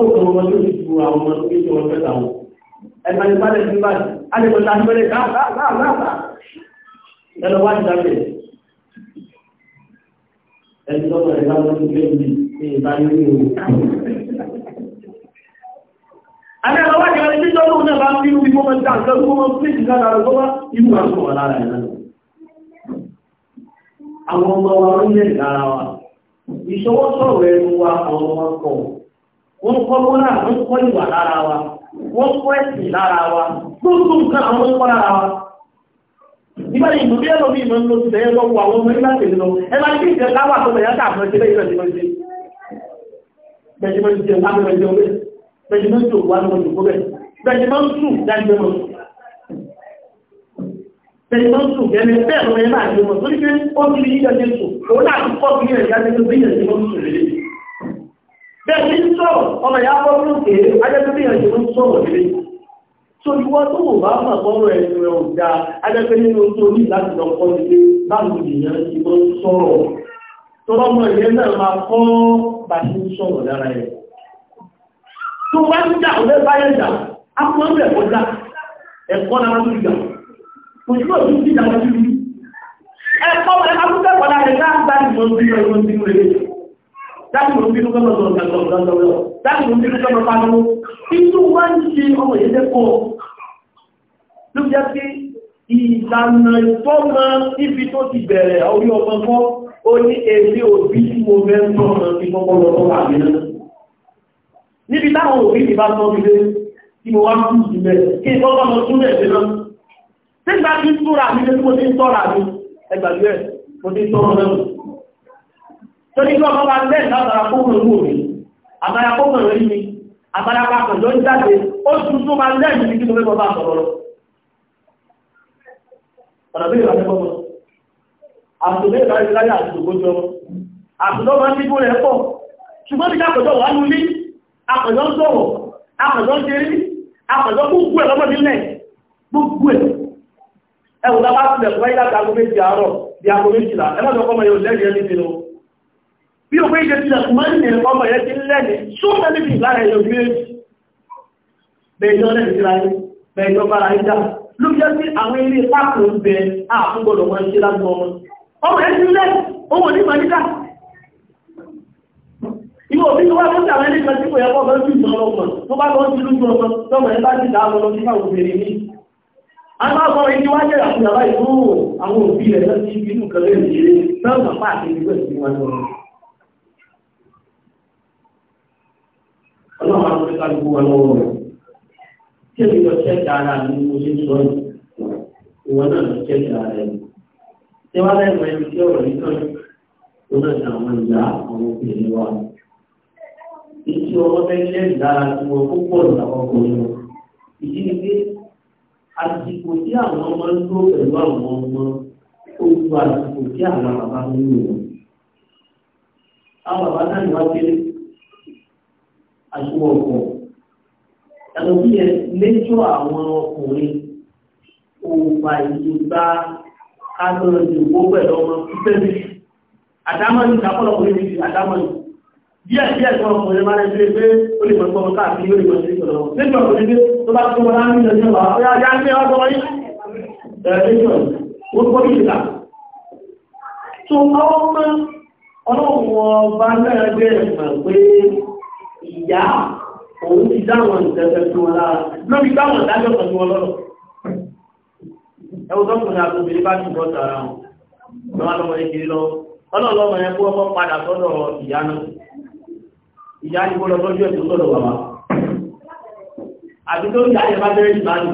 tó kọ̀ ẹni tó wọlé bá wọn ti gbé ní ìbáyé ní òun. Àti àwọn wájú ẹni tí lóun náà bá ń bínú bí máa ń dá nǹkan tó máa ń pè lára tó bá inú wa sọ̀rọ̀ lára ẹ̀ náà. Àwọn ọmọ wa ń lè dára wa. Ìṣọwọ́ sọ̀rọ̀ ẹnu wa àwọn ọmọ kọ̀. Wọ́n kọ́ bọ́lá, wọ́n kọ́ ìwà lára wa. Wọ́n kọ́ ẹ̀sìn lára wa. Gbogbo nǹkan àwọn ń lára wa nígbà yìí ìlú bí ẹ̀rọ mi ìmọ̀ ló ti bẹ̀rẹ̀ lọ́wọ́ àwọn ọmọ nígbà tèmi lọ ẹ máa kí nǹkan láwà tó bẹ̀rẹ̀ ká àfẹ́ sílẹ̀ ìrẹsì mọ́ sí bẹ̀jìmọ́ ti jẹun láti bẹ̀jẹ̀ ọbẹ̀ bẹ̀jìmọ́ ti òkú àti ọjọ́ bẹ̀ bẹ̀jìmọ́ ń sùn dájú mọ́ bẹ̀jìmọ́ ń sùn gẹ́lẹ́ bẹ́ẹ̀ lọ́wọ́ ẹ máa jẹun mọ́ torí pé ó ti yí ẹjẹ sùn òun náà ti pọ̀ sí ilẹ̀ ìyá jẹ́ bí ẹ̀jẹ̀ mọ́ sùn lélẹ̀ ọmọ ìyá tó ìwọ tó wò bá mà bọ́rọ̀ ẹ̀sìn rẹ̀ ò dáa ajẹ́pẹ́ nínú tó ní láti lọ kọ́ sí pé báwo nìyẹn ti mọ́ sọ̀rọ̀ tọ́rọ mọ̀ ìyẹn náà máa kọ́ bá ti ń sọ̀rọ̀ lára ẹ̀ tó bá ń jà ọ̀lẹ́ báyẹ̀ jà á kọ́ ń bẹ̀kọ́ já ẹ̀kọ́ náà tó jà kò sí òtún sí ìjà wájú rí ẹ̀kọ́ wọn á tún bẹ̀kọ́ lára ẹ̀ láti gbá ìmọ̀ nínú ẹ̀kọ́ nínú ẹ̀kọ́ láti mú nínú sọ́nà pariwo inú wá ń ṣe ọmọ yẹn lẹ́kọ́ ló jẹ́ sí ìlànà ìtọ́mọ níbi tó ti bẹ̀rẹ̀ orí ọmọ mọ́ ó ní èdè òbí tí mo fẹ́ ń tọ́mọ fi kọ́kọ́ lọ sọ́wọ́ àmì náà níbi táwọn òbí ti bá tọ́ mi lé tí mo wá kú sí mẹ́ kí n kọ́kọ́ lọ súnmọ́ ẹ̀sẹ̀ náà nígbà tí ń túra mi lé tí mo ti ń tọ́ra mi ẹgbàgbé ẹ̀ mo ti ń tọ́ra náà torí kí ọmọ bá bẹ́ẹ̀ látara fún òun òun àbárakọ́ kan rí mi àbárakọ́ kan ló ń jáde ó tún tó máa lẹ́yìn ní kí ló mẹ́kọ̀ọ́ bá sọ̀rọ̀ lọ. ọ̀nà bí ìrọ̀lẹ́ kọ́kọ́ àtúndé ìrọ̀lẹ́ ìrọ̀lẹ́ àtúndógójọ́ àtúndó máa ń dínkù rẹ̀ pọ̀ ṣùgbọ́n bí kápẹ̀jọ́ wà lulí àpẹ̀jọ́ sọ̀rọ̀ àpẹ̀jọ́ ṣeré àpẹ̀jọ́ gbogbo ẹ̀ lọ́mọdé lẹ̀ gbogbo ẹ̀ ẹ̀wùn lábá tilẹ̀ fún ẹ̀yà àgbo méjì àárọ̀ bí àgbo méjìlá ẹ̀mọ́jọ́ kọ́mọ yóò lẹ́yìn ẹni bí o méje ti lẹ̀kùnmọ́nì ní ọmọ yẹ ti lẹ́ni ṣúgbẹ́ níbi lára ẹ̀yọ̀ bí èjì bẹ̀ẹ̀jọ́ lẹ́ni ti ráyé bẹ̀ẹ̀jọ́ bára ìdá ló jẹ́ sí àwọn ilé pápù ń bẹ àfúgbọ́dọ̀ wọn ṣe lágbọ́ ọmọ ọmọ yẹ ti lẹ́ni owó ní mọ̀níkà ìwọ òbí tó wá fún àwọn ilé kan tí kò yẹ kọ́ bá jù sọ́rọ̀ ọmọ tó bá lọ́ọ́ sí lójú ọmọ tọmọ ẹ bá ti dá lọ sí àwọn obìnrin ní àwọn ọmọ ìdí wá jẹ́ àfihàn báyìí fún àwọn òbí rẹ̀ lọ sí ibi nìkan lè rí náà pàpà àti ìgbẹ́ ìgbìmọ̀ lọ́rọ̀ ọlọ́run àwọn ọ̀rẹ́ kálukú wọn lọ́wọ́ rẹ̀ tí èmi lọ ṣẹ́ẹ̀kì ara mi mo ṣe ń sọ yìí ìwọ náà lọ ṣẹ́ẹ̀kì ara rẹ̀ tí wọ́n lẹ́yìn mọ ẹni tí ọ̀rọ̀ yìí tán ó náà ṣe àwọn ìyá àwọn obìnrin wa ìtì ọmọ fẹ́ ṣẹ́ẹ̀kì dára tí wọ́n kó pọ̀ lọ́wọ́ ọkùnrin wọn ìdí ni pé àsìkò tí àwọn ọmọ ń lò pẹ̀lú àwọn ọmọ ó ju àsìkò tí àwọn bàbá ń lò wọn. àwọn bàbá náà ni wọ́n kéré àṣùwọ̀ ọ̀pọ̀ yàtọ̀ sí ẹ lẹ́jọ́ àwọn ọkùnrin òòfà ìjọba kájọ́rọ̀ ìdìbò pẹ̀lú ọmọ pípẹ́lú àdámọ́ni ìdápọ̀lọpọ̀ níbi àdámọ́ni díẹ̀ díẹ̀ tó ọkùnrin máa ń gbé pé ó lè mọ̀tọ́ káàkiri ó lè mọ̀ sí ìpọ̀lọpọ̀ lẹ́jọ́ ọkùnrin pé tó bá tó wọn láàrín ìjọba ọ̀yá yá ń gbé ọjọ́ wáyé ẹ̀ẹ́dẹ́jọ́ wọ́n kọ́ ìjìlá tó ọmọ ọlọ́wọ́ ìyá òun ti dáwọn ìtẹ́fẹ́ fún wọn lára lórí dáwọn ìdájọ́ kan ní wọn lọ́rọ̀ ẹwọ́n tọ́kùnrin àtòbìnrin bá ti bọ́ sára wọn lọ́wọ́ lọ́wọ́ yẹn kiri lọ ọlọ́ọ̀lọ́wọ́ yẹn kó ọkọ̀ padà sọ́dọ̀ ìyá náà ìyá ní kó lọ tọ́jú ẹ̀sùn sọ́dọ̀ bàbá àti tó ìyá yẹn bá bẹ́rẹ̀ ìbá ní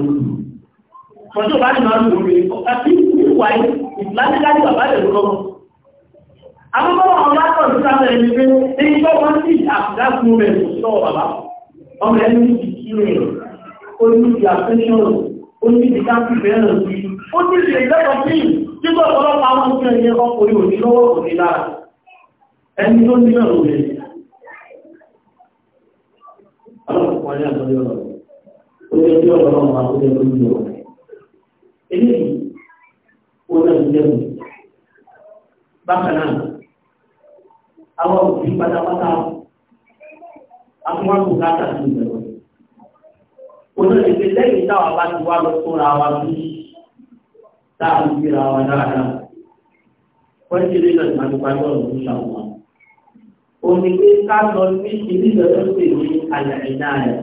òru tọ́jú bá ní máa ń lò ó rè é Àwọn ọmọ ọmọ látọ̀ sí sáfẹ́ ẹni pé ní ìjọ wọ́n sí àfìdákùn rẹ̀ kò sọ bàbá. Ọmọ ẹni ti kí rẹ̀, ó ní ti àfẹ́ṣọ́n, ó ní ti káàkì bẹ̀rẹ̀ sí, ó ní ti ìgbẹ́kọ̀ sí títọ́ ọ̀pọ̀lọpọ̀ àwọn ọmọ ẹni ọkùnrin òní lọ́wọ́ òní lára. Ẹni tó ní náà rẹ̀. Ọlọ́pàá ní àtọ́jọ́ rẹ̀. Ó yẹ kí ọ̀pọ̀lọpọ̀ àwọn ọmọ ẹni tó ní Eléyìí, ó náà àwọn òbí pátápátá akúnwákò káàkà sí ìbẹ̀rù. Olóògbé lẹ́yìn táwa bá ti wá lọ sóra wa bí táà ń gbéra wa dáadáa. Wọ́n ti rí lọ́sìn àdúgbàjọ́ ọ̀rọ̀ ní ṣàwọn. Òní pé ká lọ ní ìlú ìbẹ̀rù pè ní àyà ìnáyà.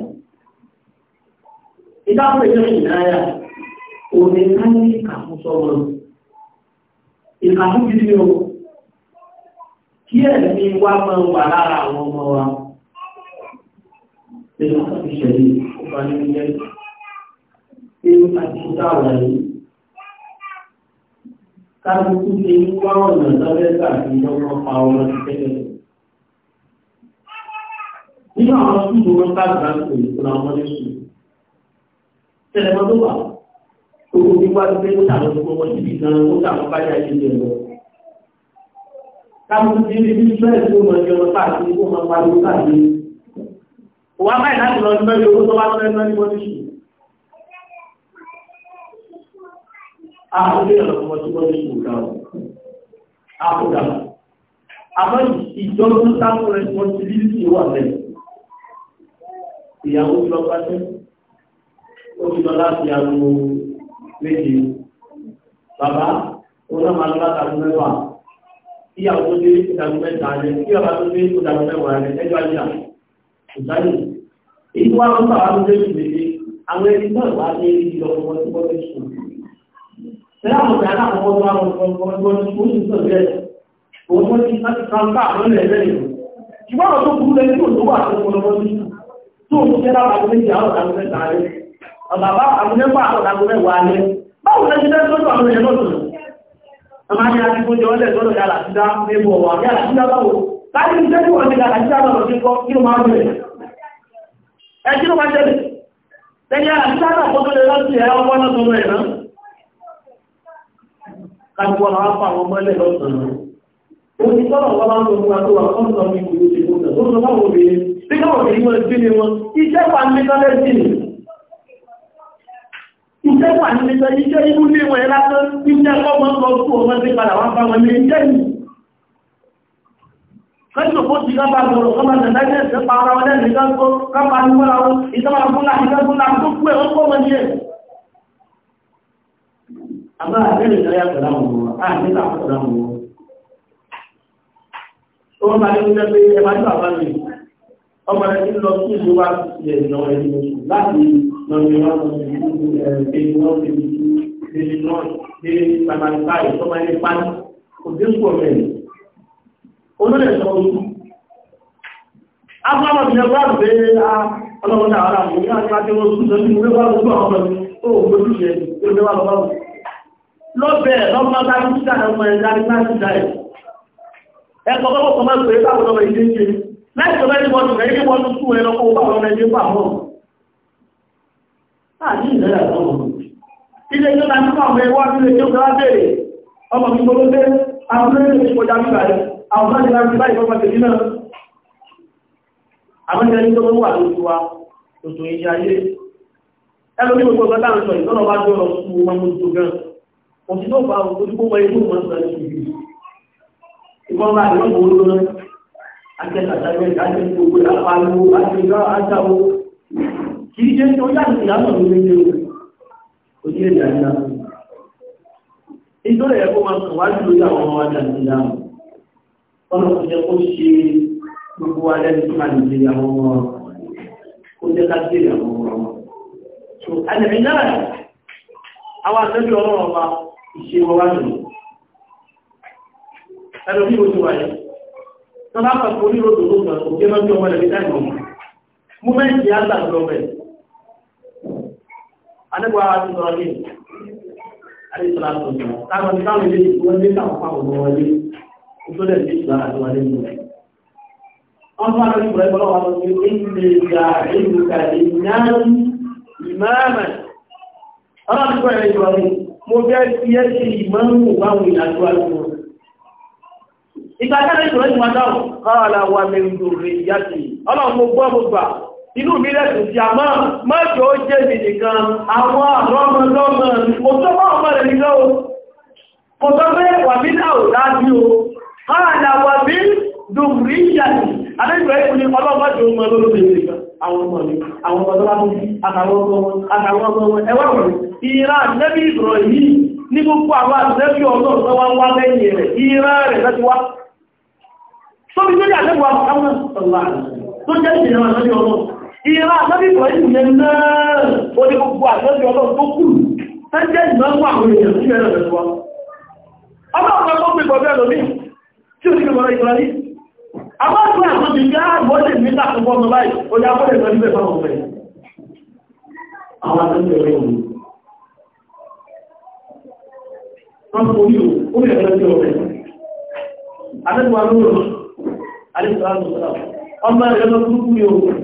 Ìdáhùn ìjọ ìnáyà, òní ká ní ìkàkùn sọ́wọ́. Ìkàkùn gidi o kí ẹ̀mí wá máa wà lára àwọn ọmọ wa nínú àti ìṣẹ̀lẹ̀ ọba ní ilé nínú àti ìdáwà yìí káàkiri ti ń wá ọ̀nà sábẹ́sà ìjọba pa ọmọ ti tẹ́lẹ̀ nínú àwọn túbú wọn bá gbà ń pè fún sùn tẹ́lẹ̀ tó wà owó wíwá gbé ó tàbí gbogbo wọn síbi gan ó tàbí bá yá ilé káàkiri ti rí bí sẹ́ẹ̀ tó mọ̀ ẹ̀jọ̀ káàkiri kó máa pariwo káàkiri. Òwá báyìí láti lọ sí mẹ́rin owó tó bá fẹ́ mẹ́rin wọ́n ti sùn. Àkókò ìrọ̀lọ́ ọmọ tí wọ́n ti Ó ti lọ láti àwọn méje. Bàbá, ó náà máa lọ láti ìyàwó tó dé ìdàgbọ́ mẹ́ta rẹ̀ kí ọba tó dé ìdàgbọ́ mẹ́wàá rẹ̀ ẹjọ́ ajá ìsáyè èyí wá ń bá àwọn ọmọdé ìdílé àwọn ẹni náà wá ní ìdí ọmọ tí wọ́n fi sùn sẹ́yà àwọn ọ̀gá àwọn ọmọ tó àwọn ọmọ tó ti kú sí sọ̀rọ̀ ẹ̀ òun wọ́n ti láti transfer àwọn ilẹ̀ ẹ̀rẹ́ yìí ṣùgbọ́n àwọn tó burú lẹ tí òun ń ṣe àwọn méjì àwọn àmáyé àti kójọ ọlẹ̀ tọ́lọ̀ yàrá ti dá ẹgbọ̀ wà yàrá ti dá báwo láti ní tẹ́jú wọn ni yàrá ti dá báwo sí kọ́ kí ló máa bẹ̀rẹ̀ ẹ kí ló máa jẹ́lẹ̀ lẹ́yìn yàrá ti dá báwo kó tó lè láti ẹ̀ ọmọ náà tó rẹ̀ náà kájú wọn máa fa àwọn ọmọ ẹlẹ́ lọ́sàn-án ó ti tọ́lọ̀ wọn máa ń lọ fún wa tó wà kọ́ sọ iṣẹ́ wà ní ìfẹ́ iṣẹ́ inú ní wọn ẹ lásán iṣẹ́ ọgbọ́n lọ sí ọmọ sí padà wá bá wọn ní iṣẹ́ yìí kẹ́sùn kó ti gábà lọ́rọ̀ kọ́mọ tẹ̀lẹ́gẹ́ ẹ̀sẹ̀ pa ara wọn lẹ́nu ìdánkó kápa ní wọ́n láwọn ìjọba fúnlá ìdánkúnlá tó pé ó kọ́ wọn díẹ̀ àbá àbẹ́rẹ̀ ìdáyà pẹ̀lú àwọn ọmọ àti ìlà pẹ̀lú lórí lọ́dún ẹ̀ẹ́dẹ́gbẹ̀rún lọ́dún ìdílé náà dé pàtàkì tó máa ń pa òdí pọ̀ mẹ́rin. olóòlẹ̀ sọ ojú. afọ́nà ti ẹgbẹ́ àgbẹ̀ ọlọ́run náà ara mi ní àti wọ́n sún lọ sí ìwé wà lójú àwọn ọmọ mi ó gbójú yẹ ìwé wà lọ́wọ́. lọ́bẹ̀ẹ́ lọ́mọ bá ń dá ọmọ ẹ̀ dá nípa ti dá ẹ̀. ẹ̀kọ́ bọ́kọ̀ máa ń pè é báwọn ọmọ ìdíje. láti ọ̀bẹ́ ni wọ́n ti rẹ̀ ní wọ́n tún ẹ̀ lọ́kọ̀ láàrin ah, ìrẹ́lẹ̀ ọ̀rọ̀ ilé tó ta nípa ọmọ ẹwà nílé tó gbá bèèrè ọmọ mi gbogbo pé àwọn olóòrùn ti kọjá nípa rẹ̀ àwọn ọmọdé láti báyìí fọ́pàá tèmi náà àwọn ìrẹ́lẹ̀ tó wà lójú wa tòtò ìjẹ ayé ẹlò ní gbogbo ọ̀gá táwọn sọ ìtọ́nà bá jọ lọ sí wọn mú tó gan òsì tó fa ojúkó wọ inú wọn sọ ní ìbí ìbọn bá ìwọ́n mú olóró náà akẹ́kọ̀ọ́ kì í ṣe tó yàtọ̀ ìyàtọ̀ ní ilé ìwé ojú ẹ̀dà ńlá nítorí ẹ̀kọ́ máa sọ wájú lórí àwọn ọmọ wájú àti ìdáhùn ọ̀nà tó jẹ́ kó ṣe gbogbo alẹ́ ní máa lè jẹ́ àwọn ọmọ kó jẹ́ ká jẹ́ àwọn ọmọ so alẹ́mí náà àwọn àtẹ́jú ọlọ́run ọba ìṣe wọn wájú ẹnu bí o ti wáyé tọ́lá pàtó orí ròdò lóògbà kò jẹ́ mọ́tò ọmọ ẹ̀mí dáìmọ̀ mú mẹ́rin ti á gbà lọ́bẹ̀ẹ́ Adégbà ti sọ̀rọ̀ ní àdéṣọ́lá tó sọ. Táwọn ní táwọn ilé ìgbó ń dé táwọn fáwọn ọmọ wọlé, ó tó lẹ̀ sí ìgbà àti wọlé nù. Wọ́n fún àwọn ìgbà ìgbà wọn lọ sí ilé ìgbà ìgbà ìnáàrí ìmáàmà. Ọlọ́run ti kọ́ ẹ̀rẹ́ ìgbà mi, mo fẹ́ fi ẹ́ sí ìmáàmù báwọn ìlàjú àjọ. Ìgbà inú mi lẹ́sùn sí àmọ́ mọ́jọ ó jẹ́ mi nìkan àwọn àrọ́mọlọ́mọ mo tó bá ọmọ rẹ̀ nílọ́ o mo tó fẹ́ wà ní náà láti o hàrà wà ní dùnrí ìyàtì adẹ́gbẹ̀ẹ́ ìpínlẹ̀ ọlọ́mọdé ọmọ olóògbé àwọn ọmọ mi àwọn ọmọ tó bá mú àtàwọn ọmọ wọn àtàwọn ọmọ wọn ẹwà wọn ìran nẹ́bí ìrọ̀ yìí ní gbogbo àwọn àtẹ́bí ọlọ́run tó wá ń wá lẹ́yìn rẹ̀ ìran rẹ̀ láti wá tó bí lórí àtẹ́bí wa mọ̀ káwọn sọ̀rọ̀ àrùn tó jẹ́ ìrìn àwọn àtẹ́bí ọlọ́run ìran àtọ́bí ìwọ̀nyí yẹn náà ó ní gbogbo àtọ́bí ọlọ́run tó kù tẹ́jẹ́ ìnáwó àwọn èèyàn sí ẹ̀rọ rẹ̀ wá ọlọ́run ọmọ pé bọ̀bẹ́ ẹlòmí tí ó ní gbogbo ìgbà ní àwọn ọdún àtọ́bí bí ààbọ̀ lè ní tàkùnkọ́ ọmọ báyìí ó ní abọ́lẹ̀ ìgbà níbẹ̀ fáwọn ọmọ yẹn àwọn àtọ́bí ẹ̀rọ ìlú wọ́n fún orí ó lè fẹ́ sí ọ̀rẹ́ àtẹ́gbà lóòrùn àdéhùn àwọn ọmọ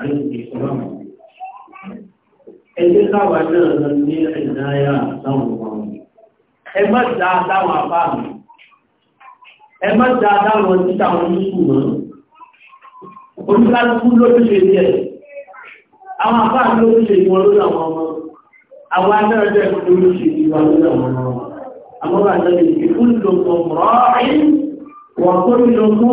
àìsìkìsọ́lọ́mù ẹgbẹ́ káwà náà ní ẹ̀dáyà àtàwọn wọn ẹ má dá àtàwọn apá mi ẹ má dá àtàwọn títà wọn ní ìmọ̀ oníkálukú lójúṣe díẹ̀ àwọn apá mi lójúṣe ìwọ̀n lórí àwọn ọmọ àwọn adáradẹ́ lójúṣe ìwọ̀n lórí àwọn ọmọ àwọn àdáyé ìfúnlọ́pọ̀ mọ́rin wọ́n kó nílò mọ́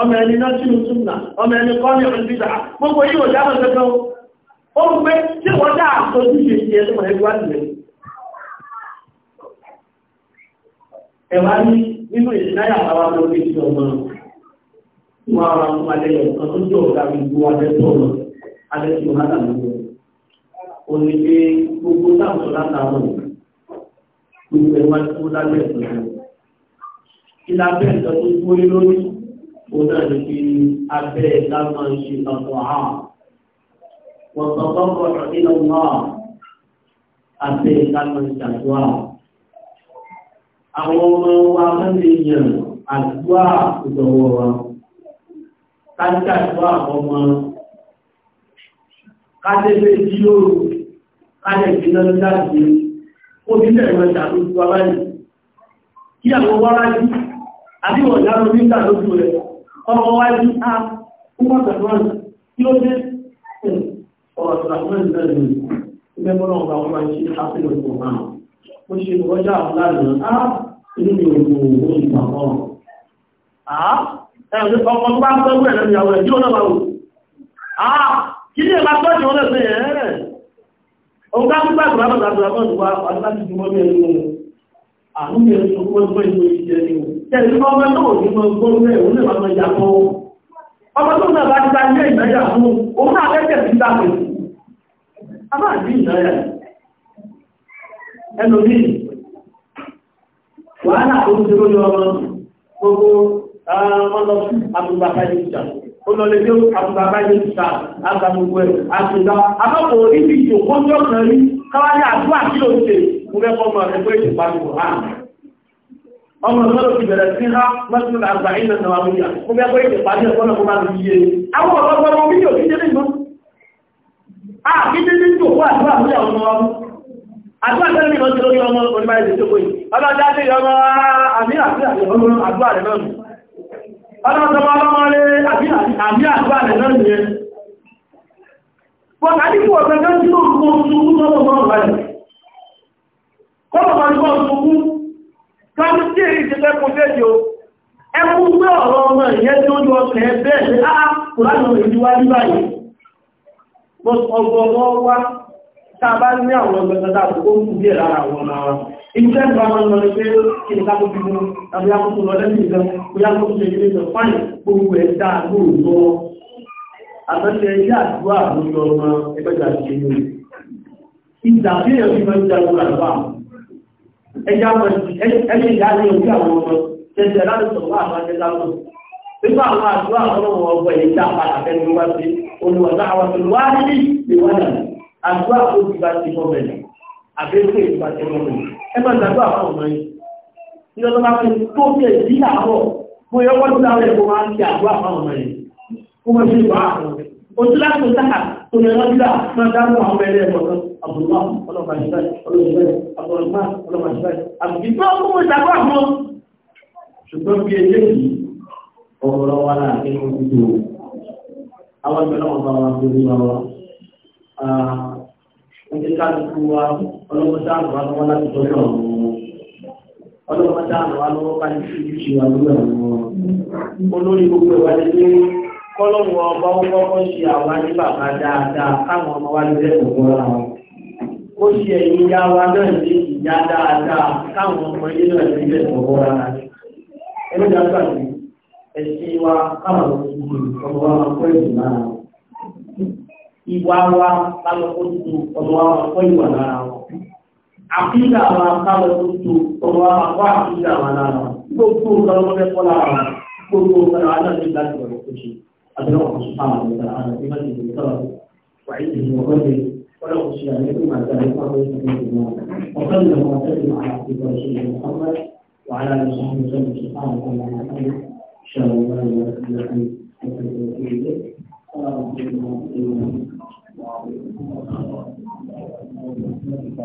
ọmọ ẹni náà sínú súnmà ọmọ ẹni kọ́ ní ọ̀rọ̀ ìbíjà gbogbo yìí ò dámọ̀ tẹ́tọ́ ó ń pé tí wọ́n dá àtọ́jú ṣe ti ẹ̀sùn ẹ̀rọ wá nílẹ̀ ẹ̀wà ní nínú ìsináyà àwọn ọmọdé ti ọmọ wọn ara fún adẹ́yẹ kan tó jọ ọ̀gá gbogbo adẹ́tọ̀ lọ adẹ́tí wọn látàlú ó ní pé gbogbo táwọn látàwọn gbogbo ẹ̀wà tó lábẹ́ ìtọ́jú ìlàbẹ́ ìtọ́jú gbórí lórí هنالك أبي لما يشيط الطعام والتضرع إلى الله أبي لما يشتكوا àwọn ọmọ wa mẹ́rìnyàn àdúrà ìdọ̀wọ̀ wa kájá àdúrà ọmọ kájẹ́fẹ́ tí ó kájẹ́ ìgbìnà láti orílẹ̀ ẹ̀rọ ìdàlójú wa báyìí kí àwọn wárájú àbíwọ̀ ìdàlójú rẹ̀ ọmọ wa bí a kúmọ̀ tẹ̀wọ́n tí ó dé ọ̀rọ̀ tẹ̀wọ́n lẹ́nu ilé mọ́nà ọ̀gá ọmọ ìṣe àfihàn ọ̀pọ̀ náà ó ṣe ìwọ́jà ọ̀lànà á inú mi ò mú owó ìgbà kan. ẹ̀rọ ọkọ̀ tó bá ń tẹ́wọ́ ẹ̀rọ ìyàwó ẹ̀ kí ló náà máa wò. kí ni ìgbà tó ṣe wọ́n àwọn èèyàn tó wọ́n gbọ́ ìwé ìjẹ ni o tẹ̀lé ọmọ náà ní wọ́n gbọ́ ìwé òun náà máa yà kọ́ ọmọ tó náà bá ti ta ilé ìnáyà fún òun náà lẹ́jẹ̀ sí ta pẹ̀lú a máa ní ìnáyà ẹnu ní wàhálà tó ń ṣe lórí ọmọ gbogbo ọmọ lọ sí àbúgbàfà yìí ìjà ó lọ lè dé àbúgbàfà yìí ìjà àgbàgbogbo ẹ̀ àtìgbà àbọ̀kọ̀ orí ìjò kọ́ńtọ́ kan rí káwáyé àdúrà kí ló ń ṣe mo fẹ́ kọ́ ọmọ rẹ̀ pé ìpá ha mọ́sílẹ̀ àgbà ìlú nàwà mú yà mo fẹ́ pé ìpá ti ẹ̀kọ́ náà kó àwọn ọmọ a ọmọ tẹ́lẹ̀ mi lórí ọmọ tó yìí àmì àti àdúrà rẹ̀ náà nù rẹ̀ àmì àdúrà rẹ̀ náà kọ́nà máa ní wọ́n sunkún káàkiri tí èyí ti fẹ́kún tẹ́jì o ẹkún a bá ní àwọn ọgbẹ̀gbẹ̀ta àkókò ń kúrò lára àwọn ọmọ wa iṣẹ́ ìgbà máa ń lọ ní pé kí ni káàkó fi mú tàbí àkókò lọ lẹ́nu ìgbà bóyá kó tún lè ní ìjọ fáìn gbogbo ẹ̀ dá lóòótọ́ ẹja ẹṣin ìdáni orí àwọn ọmọ tẹsẹ̀ láti sọ̀rọ̀ àwọn ajẹ́ta lọ. Nígbà àwọn àdúrà ọlọ́wọ́ ọgbọ̀ yìí dá padà fẹ́ ní wá sí olùwàdá àwọn olùwà nílì ìwádà. Àdúrà tó ti bá ti mọ̀ bẹ̀rẹ̀. Àbẹ́kọ̀ èyí bá ti mọ̀ bẹ̀rẹ̀. Ẹ Abdullah ọlọ́pàá ìṣẹ́ olóṣèlú Abdullah ọlọ́pàá ìṣẹ́ àbùkìtọ́ ọmọ ìṣàkọ́ àwọn ṣùgbọ́n bí ẹjẹ́ yìí ọ̀rọ̀ wa láàrin ojú àwọn ìpínlẹ̀ ọba wa tó ní wa wọ́n ti kálukú wa ọlọ́mọdé àrùn wa lọ́wọ́ láti tọ́jú àwọn ọlọ́mọdé àrùn wa lọ́wọ́ ká ní sí ìṣe wa lórí àwọn olórí gbogbo ìwà ní pé kọ́lọ́mù ọba ó kọ́kọ́ ṣe àwa ní bàbá dáadáa káwọn ọmọ wa lè rẹ́ òkú ọ̀rọ̀ àwọn ó ṣe ẹ̀yìn ya wa náà ní ìyá dáadáa káwọn ọmọ ilé náà ní na ìfọwọ́ rárá rẹ̀. ẹni dáadáa sí ẹ̀sìn wa káwọn ọmọ wa máa kọ́ ìlú lára wọn. ìwà wa káwọn ó tu ọmọ wa máa kọ́ ìwà lára wọn. wa káwọn ọmọ wa máa kọ́ wa lára wọn. gbogbo kọ́ lára wọn. gbogbo náà ولو خشي عليكم ما زال يفرض وصلى على عبدك ورسولك محمد وعلى اله وصحبه وسلم سبحانك ان شاء الله لا اله الا انت